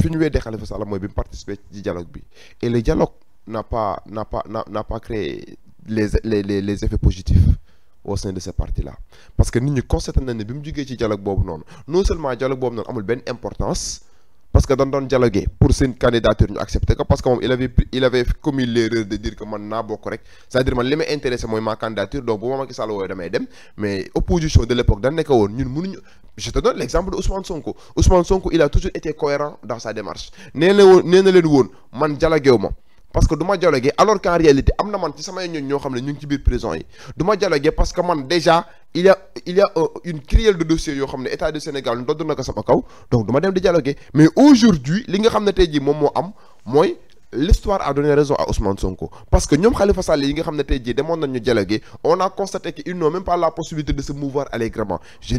fi ñu weddee Khalifa Sall mooy bi mu participé ci dialogue bi et le dialogue n'a pas n'a pas n'a pas créé les les les les effets positifs au sein de ce parti là parce que nit ñi constaté na ne bi mu jugee ci dialogue boobu noonu non seulement dialogue boobu noonu amul benn importance parce que dañ doon dialoguer pour seen candidature ñu accepté ko parce que moom il avait il avait commis l'erreur de dire que man naa bokk rek c'est-à-dire man li may intéressé mooy ma candidature donc bu ma Macky Sall wooyu damay dem mais opposition de l'époque dañ nekk woon ñun mënuñu je te donne l'exemple de Ousmane Sonko Ousmane Sonko il a toujours été cohérent dans sa démarche nee na woon nee na leen woon man dialoguew ma parce que du ma dialoguer alors qu'en réalité am na man ci samay ñun ñoo xam ne ñu ngi ci biir prison yi du ma dialoguer parce que man déjà il y il y euh, une kyrielle de dossiers yoo xam ne état du Sénégal ndodd na ko sama kaw donc du ma dem di dialoguer mais aujourd'hui li nga xam ne tey jii moom moo am mooy l'histoire a donné raison a Ousmane Sonko parce que ñoom Khalifa Sall yi nga xam ne tey jii demoon nañu dialoguer on a constaté qu'ils n'ont même pas la possibilité de se mouvoir allègrement je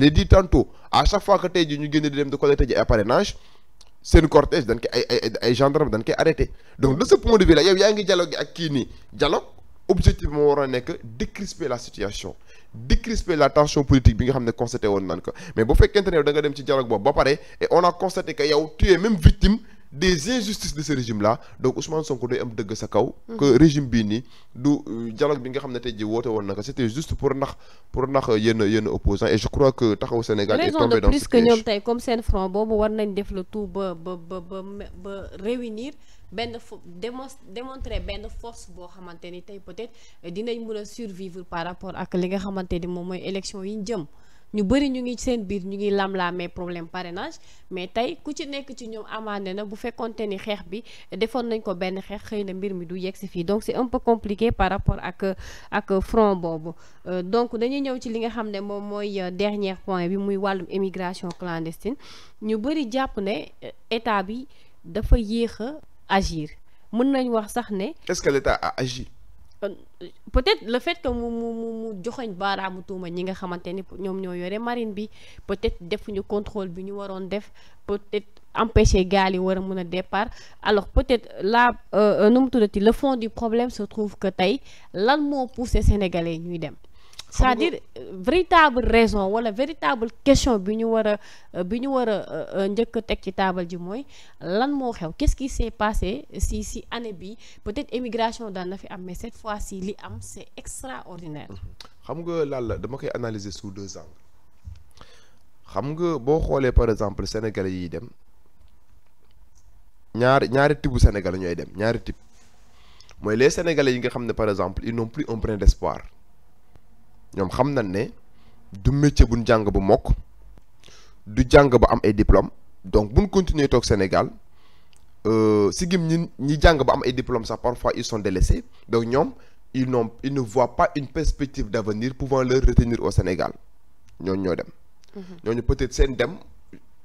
seen cortège dañ ay ay gendarme dañ koy arrêté donc de ce point de vue là yaa ngi dialogue ak kii nii dialogue objectif moo war a nekk décrisper la situation décrisper la tension politique bi nga xam ne constaté woon nan ko mais bu fekkente ne yow da nga dem ci dialogue boobu ba pare et on a constaté que yow tu es victime des injustices de ce régime la donc Ousmane Sonko day am dëgg sa kaw. que régime bii nii du euh, dialogue bi nga xam ne tey jii woote woon na ko c'était juste pour nax pour nax yenn yenn opposants et je crois que taxaw Sénégal est tombé dans de plus ñoom tey comme seen front boobu war nañ def le tout ba ba ba ba ba réunir. benn fo démons démontrer benn force boo xamante ni tey peut-être dinañ mën a survivre par rapport ak li nga xamante ni moom mooy élection yi ñu jëm. ñu bëri ñu ngi seen biir ñu ngi lamlaamee problème parrainage mais tey ku ci nekk ci ñoom amaane na bu fekkonte ni xeex bi defoon nañ ko benn xeex xëy na mbir mi du yegg si fii donc c'est un peu compliqué par rapport ak ak front boobu euh, donc dañuy ñëw ci li nga xam ne moom mooy euh, dernier point bi muy wàllum immigration clandestine ñu bëri jàpp ne euh, état bi dafa yéex a agir mën nañu wax sax ne. est a agi. Euh, peut-être la fait que mu mu mu joxoñ baaraamu tuuma ñi nga xamante ni ñoom ñoo yore marine bi peut-être defuñu contrôle bi ñu waroon def peut-être empêcher gaal yi war a mën a départ alors peut-être la euh, euh, nu mu tuddati le fond du problème se trouve que tey lan moo poussé sénégalais ñuy dem. c'est-à-dire véritable raison wala véritable question bi ñu war a bi ñu war a euh, njëkk teg ci taabal ji mooy lan moo xew qu'est-ce qui s'est passé si année bi peut-être émigration daan na fi am mais fois-ci li am c'est extraordinaire. xam nga lan dama koy analyser sous deux angles xam nga boo xoolee par exemple sénégalais yiy dem ñaari ñaari type bu ñooy dem ñaari type mooy les sénégalais yi nga xam ne par exemple ils n'ont plus un brin d'espoir. ñoom xam na ne du métier buñ jàng bu mokk du jàng ba am ay diplôme donc buñ continuer toog Sénégal euh, si gim ñi ñi jàng ba am ay diplôme sax parfois ils sont délaissés donc ñoom ils n'ont ils ne voient pas une perspective d'avenir pouvant leur retenir au Sénégal ñooñu ñoo dem mm-hmm. ñooñu peut-être seen dem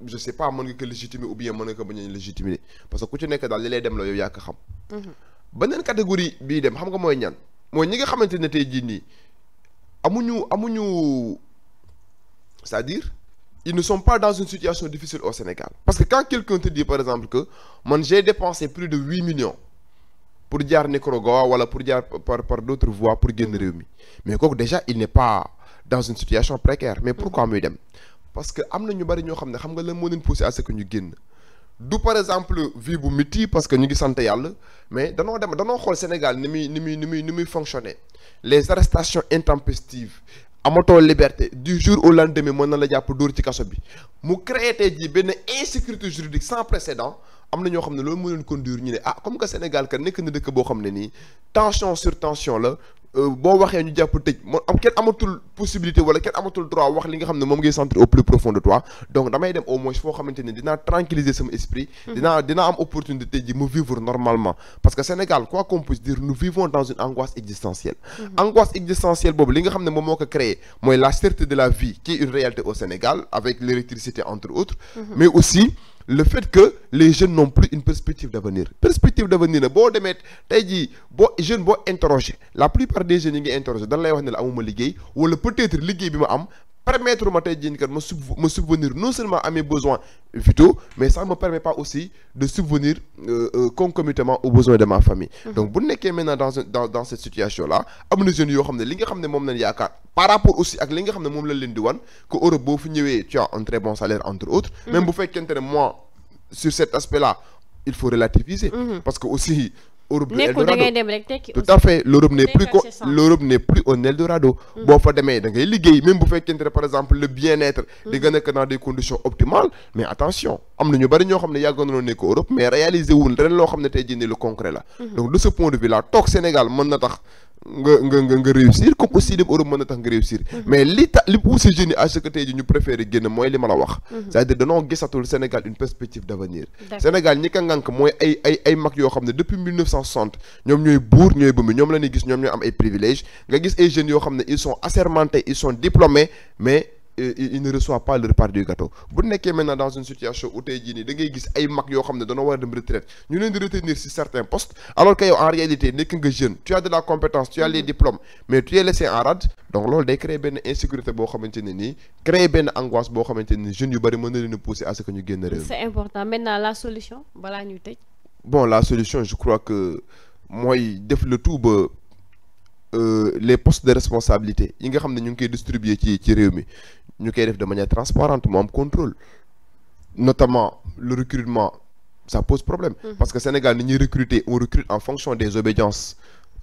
je sais pas mën nga ko légitimer ou bien mën nga ko bañ a parce que ku ci nekk daal li lay dem la yow yaa ko xam mm-hmm. beneen catégorie bii dem xam nga mooy ñan mooy ñi nga xamante ne tey jii nii amuñu amuñu c'est-à-dire ils ne sont pas dans une situation difficile au Sénégal parce que quand quelqu'un te dit par exemple que man j'ai dépensé plus de huit millions pour jaar Nicaragua wala pour jaar par par d'autres voies pour génn réew mi mais kooku déjà il n'est pas dans une situation précaire mais pourquoi mm-hmm. muy dem parce que am na ñu bari ñoo xam ne xam nga lan moo leen poussé à ce ñu génn du par exemple vie bu miti parce que ñu ngi sant yàlla mais danoo dem danoo xool Sénégal ni muy ni muy ni muy ni muy fonctionner les arrestations intempestives amatoo liberté du jour au lendemain mën na la jàpp dóor ci kaso bi mu créé tey jii benn insécurité juridique sans précédent am na ñoo xam ne loolu moo leen conduire ñu ne ah comme que Sénégal kat nekk na dëkk boo xam ne nii tension sur tension la Euh, boo waxee ñu jàpp tëj mo am kenn amatul possibilité wala kenn amatul droit wax li nga xam ne moom ngay sentir au plus profond de toi donc damay dem au moins foo xamante ne dinaa tranquilliser sama esprit mhm. dinaa dinaa am opportunité ji mu vivre normalement parce que Sénégal quoi qu'on puisse dire nous vivons dans une angoisse existentielle mhm. angoisse existentielle boobu li nga xam ne moom moo ko créé mooy la cherté de la vie qui est une réalité au Sénégal avec l'électricité entre autres mhm. mais le fait que les jeunes n'ont plus une perspective d'avenir perspective d'avenir na boo demee tey jii boo jeune boo interroger la plupart des jeunes yi ngi interroger dan lay wax ne la amuma liggéey wala peut-être liggéey bi ma am permettre ma tey jii nii kat ma sub ma subvenir non seulement à mes besoins vitaux mais ça me permet pas aussi de subvenir euh, euh, concomitamment de ma famille. Mhm. donc bu nekkee maintenant dans dans dans cette situation là am na jeunes yoo xam ne li nga xam ne moom lañ yaakaar par rapport aussi ak li nga xam ne moom lañ leen di wan que Europe boo fi ñëwee tu as un très bon salaire entre autres. Mhm. même bu fekkente ne moi sur cet aspect là il faut relativiser. Mhm. que aussi. Europe du Eldorado tout à fait l'Europe n'est plus ko l'Europe n'est plus un Eldorado mm. boo fa demee da ngay liggéey même bu fekkente ne par exemple le bien-être mm. di nga nekk dans des conditions optimales mais attention am na ñu bari ñoo xam ne yàgg nañoo nekk Europe mais réaliser wul ren loo xam ne tey jii nii lu concret la mm. donc de ce point de vue là toog Sénégal mën na tax nga nga nga réussir comme aussi dem Europe mën na tax nga réussir mhm. mais li ta li poussé jeunes yi à ce ji ñu préféré génn mooy li ma la wax mhm. cest dire danoo gisatul Sénégal une perspective d'avenir Sénégal ñi ka ngànk mooy ay ay mag yoo xam ne depuis 1960 ñoom ñooy buur ñooy bëmi ñoom la ñuy gis ñoom ñooy am ay privilèges nga gis ay jeunes yoo xam ne ils sont assermentés ils sont diplômés mais il ne reçoit pas leur part du gâteau bu nekkee maintenant dans une situation où tey jii nii da ngay gis ay mag yoo xam ne dañoo war a dem retraite ñu leen di retenir si certains postes alors que yow en réalité nekk nga jeune tu as de la compétence tu as les diplômes mais tu es laissé en rade donc loolu day créer benn insécurité boo xamante ne nii créer benn angoisse boo xamante ne jeunes yu bëri mën na leen a pousser à ce que ñu génn réew. c'est important maintenant la solution balaa la solution je crois mooy def le tout ba euh, les postes de responsabilité yi nga xam ne ñu ngi koy distribuer ci ci réew mi. ñu koy def de manière transparente mu am contrôle notamment le recrutement ça pose problème mm-hmm. parce que Sénégal ni ñuy recruter u recrute en fonction des obédiences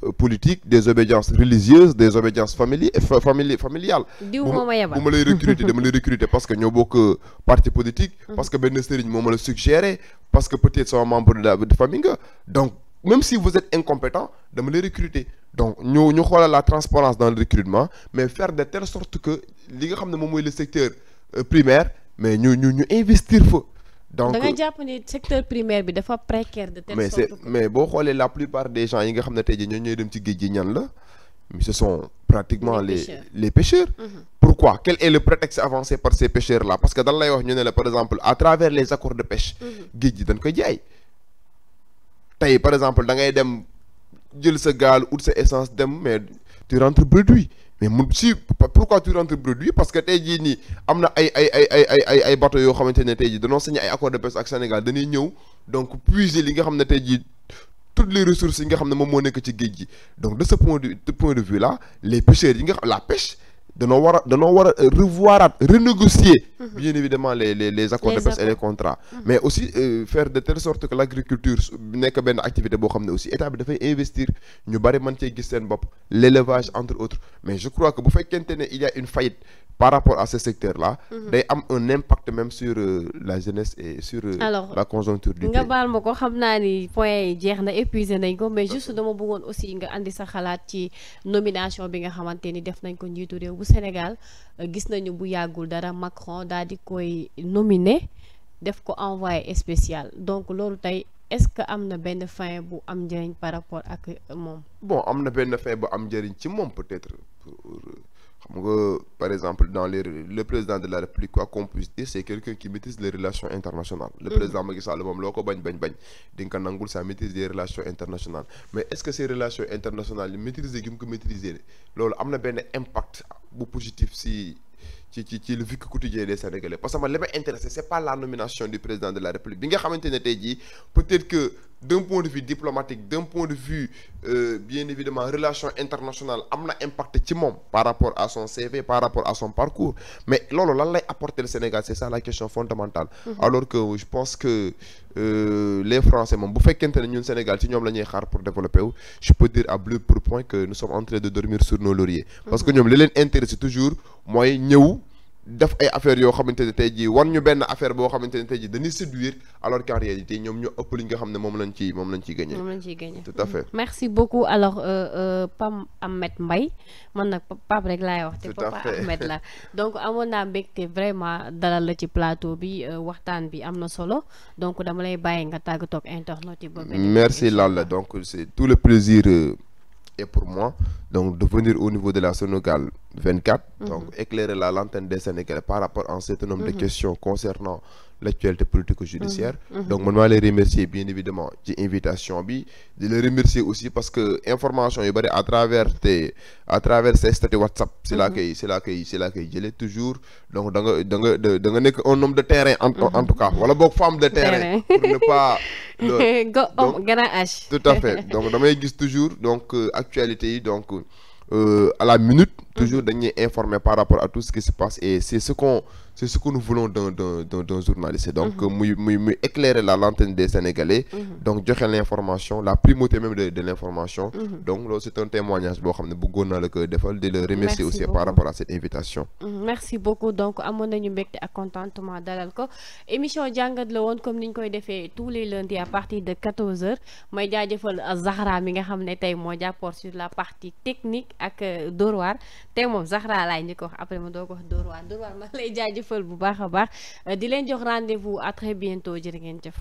euh, politiques des obédiences religieuses des obédiences famili famili familiales bu ma lay recruter dama lay recruter parce que ñoo bokk euh, parti politique mm-hmm. parce que benn sëriñ moo ma la suggéré parce que peut-être sama membre de famille nga donc même si vous êtes incompétent dama lay recruter donc ñu ñu xoolal la transparence dans le recrutement que li nga xam ne moom mooy le secteur euh, primaire mais ñu ñu ñu investir fa. donc da nga jàpp ni secteur primaire bi dafa précaire de telle sorte mais boo xoolee la plupart des gens yi nga xam ne tey jii ñoo dem ci géej gi ñan la ce sont pratiquement les pêcheurs. les pêcheurs mhm. pourquoi quel est le prétexte avancé par ces pêcheurs là parce que dañ lay wax ñu ne la par exemple à travers les accords de pêche mhm. géej gi koy jaay tey par exemple da ngay dem jël sa gaal ut sa essence dem mais tu rentres produit mais mun si pourquoi tu rentres produit parce que tey jii nii am na ay ay ay ay bateau yoo xamante ne tey jii danoo signé ay accord de pêche ak Sénégal dañuy ñëw donc puiser li nga xam ne tey jii toutes les ressources yi nga xam ne moom moo nekk ci géej gi donc de ce point de point de vue là les pêcheurs yi nga xam la pêche danoo war a danoo war a revoiraat renégocier mhm. bien évidemment les les les accords de pêche et les contrats mhm. mais aussi euh, faire de telle sorte que l' nekk benn activité boo xam ne aussi état bi dafay investir ñu bari man cee gis seen bopp l' élevage entre autres mais je crois que bu fekkente ne il y a une faillite par rapport à ce secteur là mhm. day am un impact même sur euh, la jeunesse et sur euh, la conjoncture du nga baal ma ko xam naa ni point yi jeex na épuisé nañ ko mais juste dama bëggoon aussi nga andi sa xalaat ci nomination bi nga xamante ni def nañ ko njiitu réew Sénégal euh, gis nañu bu yàggul dara Macron daal di koy nominer def ko envoyé spécial donc loolu tey est-ce que am na benn fin bu am njëriñ par rapport ak moom. bon am na benn fin bu am njëriñ ci moom peut-être par exemple, dans le président de la République, quoi qu'on puisse dire, c'est quelqu'un qui maîtrise les relations internationales. Le mm -hmm. président Macky moom loo ko bañ bañ bañ dinga nangul ça maîtrise des relations internationales mais est-ce que ces relations internationales yi gi mu ko maîtriser loolu am na benn impact bu positif si. ci ci ci le vécu quotidien des Sénégalais parce que man li intéressé c'est pas la nomination du président de la d'un point de vue diplomatique d'un point de vue euh, relation internationale am na impact ci moom par rapport à son CV par rapport à son parcours mais loolu lan lay apporter le Sénégal c'est ça la question fondamentale mm -hmm. alors que je pense que euh, les Français moom bu fekkente ne ñun Sénégal ci ñoom la ñuy xaar pour développer wu je peux dire à bleu pour point que nous sommes en train de dormir sur nos lauriers parce que mm-hmm. ñoom li leen intéresse toujours mooy ñëw def ay affaire yoo xamante ne tey jii wan ñu benn affaire boo xamante ne tey jii dañuy séduire alors qu'en réalité ñoom ñoo ëpp li nga xam ne moom lañ ciy moom lañ ciy gagné. moom lañ ciy gagné tout merci beaucoup alors euh, euh, Pam Ahmed Mbaye man nag Pape rek laay wax. te Papa Ahmed la donc amoon naa mbégte vraiment dalal la ci plateau bi euh, waxtaan bi am na solo donc dama lay bàyyi nga tàggatoo ak internet yi. merci Lalla donc c'est tout le plaisir. et pour moi, donc de au niveau de la Sénégal 24, mm -hmm. donc mhm. éclairer la lanterne des Sénégalais par rapport à un certain nombre mm de mhm. questions concernant l'actualité politico-judiciaire. Mhm, mhm. donc man maa lay remercier bien évidemment ci invitation bi di la remercier aussi parce que information yu bari à travers tes à travers ces statuts WhatsApp. si laa koy si laa jëlee toujours donc da nga da nga da nekk un homme de terrain. en en tout cas mhm. wala boog femme de terrain. pour ne pas. donc grand H. tout à fait donc damay gis toujours donc euh, actualité yi donc. Euh, à la minute, toujours mm -hmm. par rapport à tout ce qui se passe et c'est ce que nous voulons d'un d'un d'un journaliste donc mhm. muy muy éclairer la lanterne des Sénégalais mhm. donc joxe l'information la primauté même de l'information mhm. donc loolu c'est un témoignage boo xam ne bëggoon naa la ko defal di la remercier aussi par rapport à cette invitation merci beaucoup donc amoon nañu mbégte ak contentement dalal ko émission jàngat la woon comme ni ñu koy defee tous les lundis à partir de 14 heures may jaajëfal euh, Zahra mi nga xam ne tey moo jàppoor sur la partie technique ak euh, Dóor waar tey moom Zahra laay ñu ko wax ko wax Dóor waar Dóor waar jaajëfal bu baax a baax di leen jox rendez-vous à très bientôt jërë ngeen jëf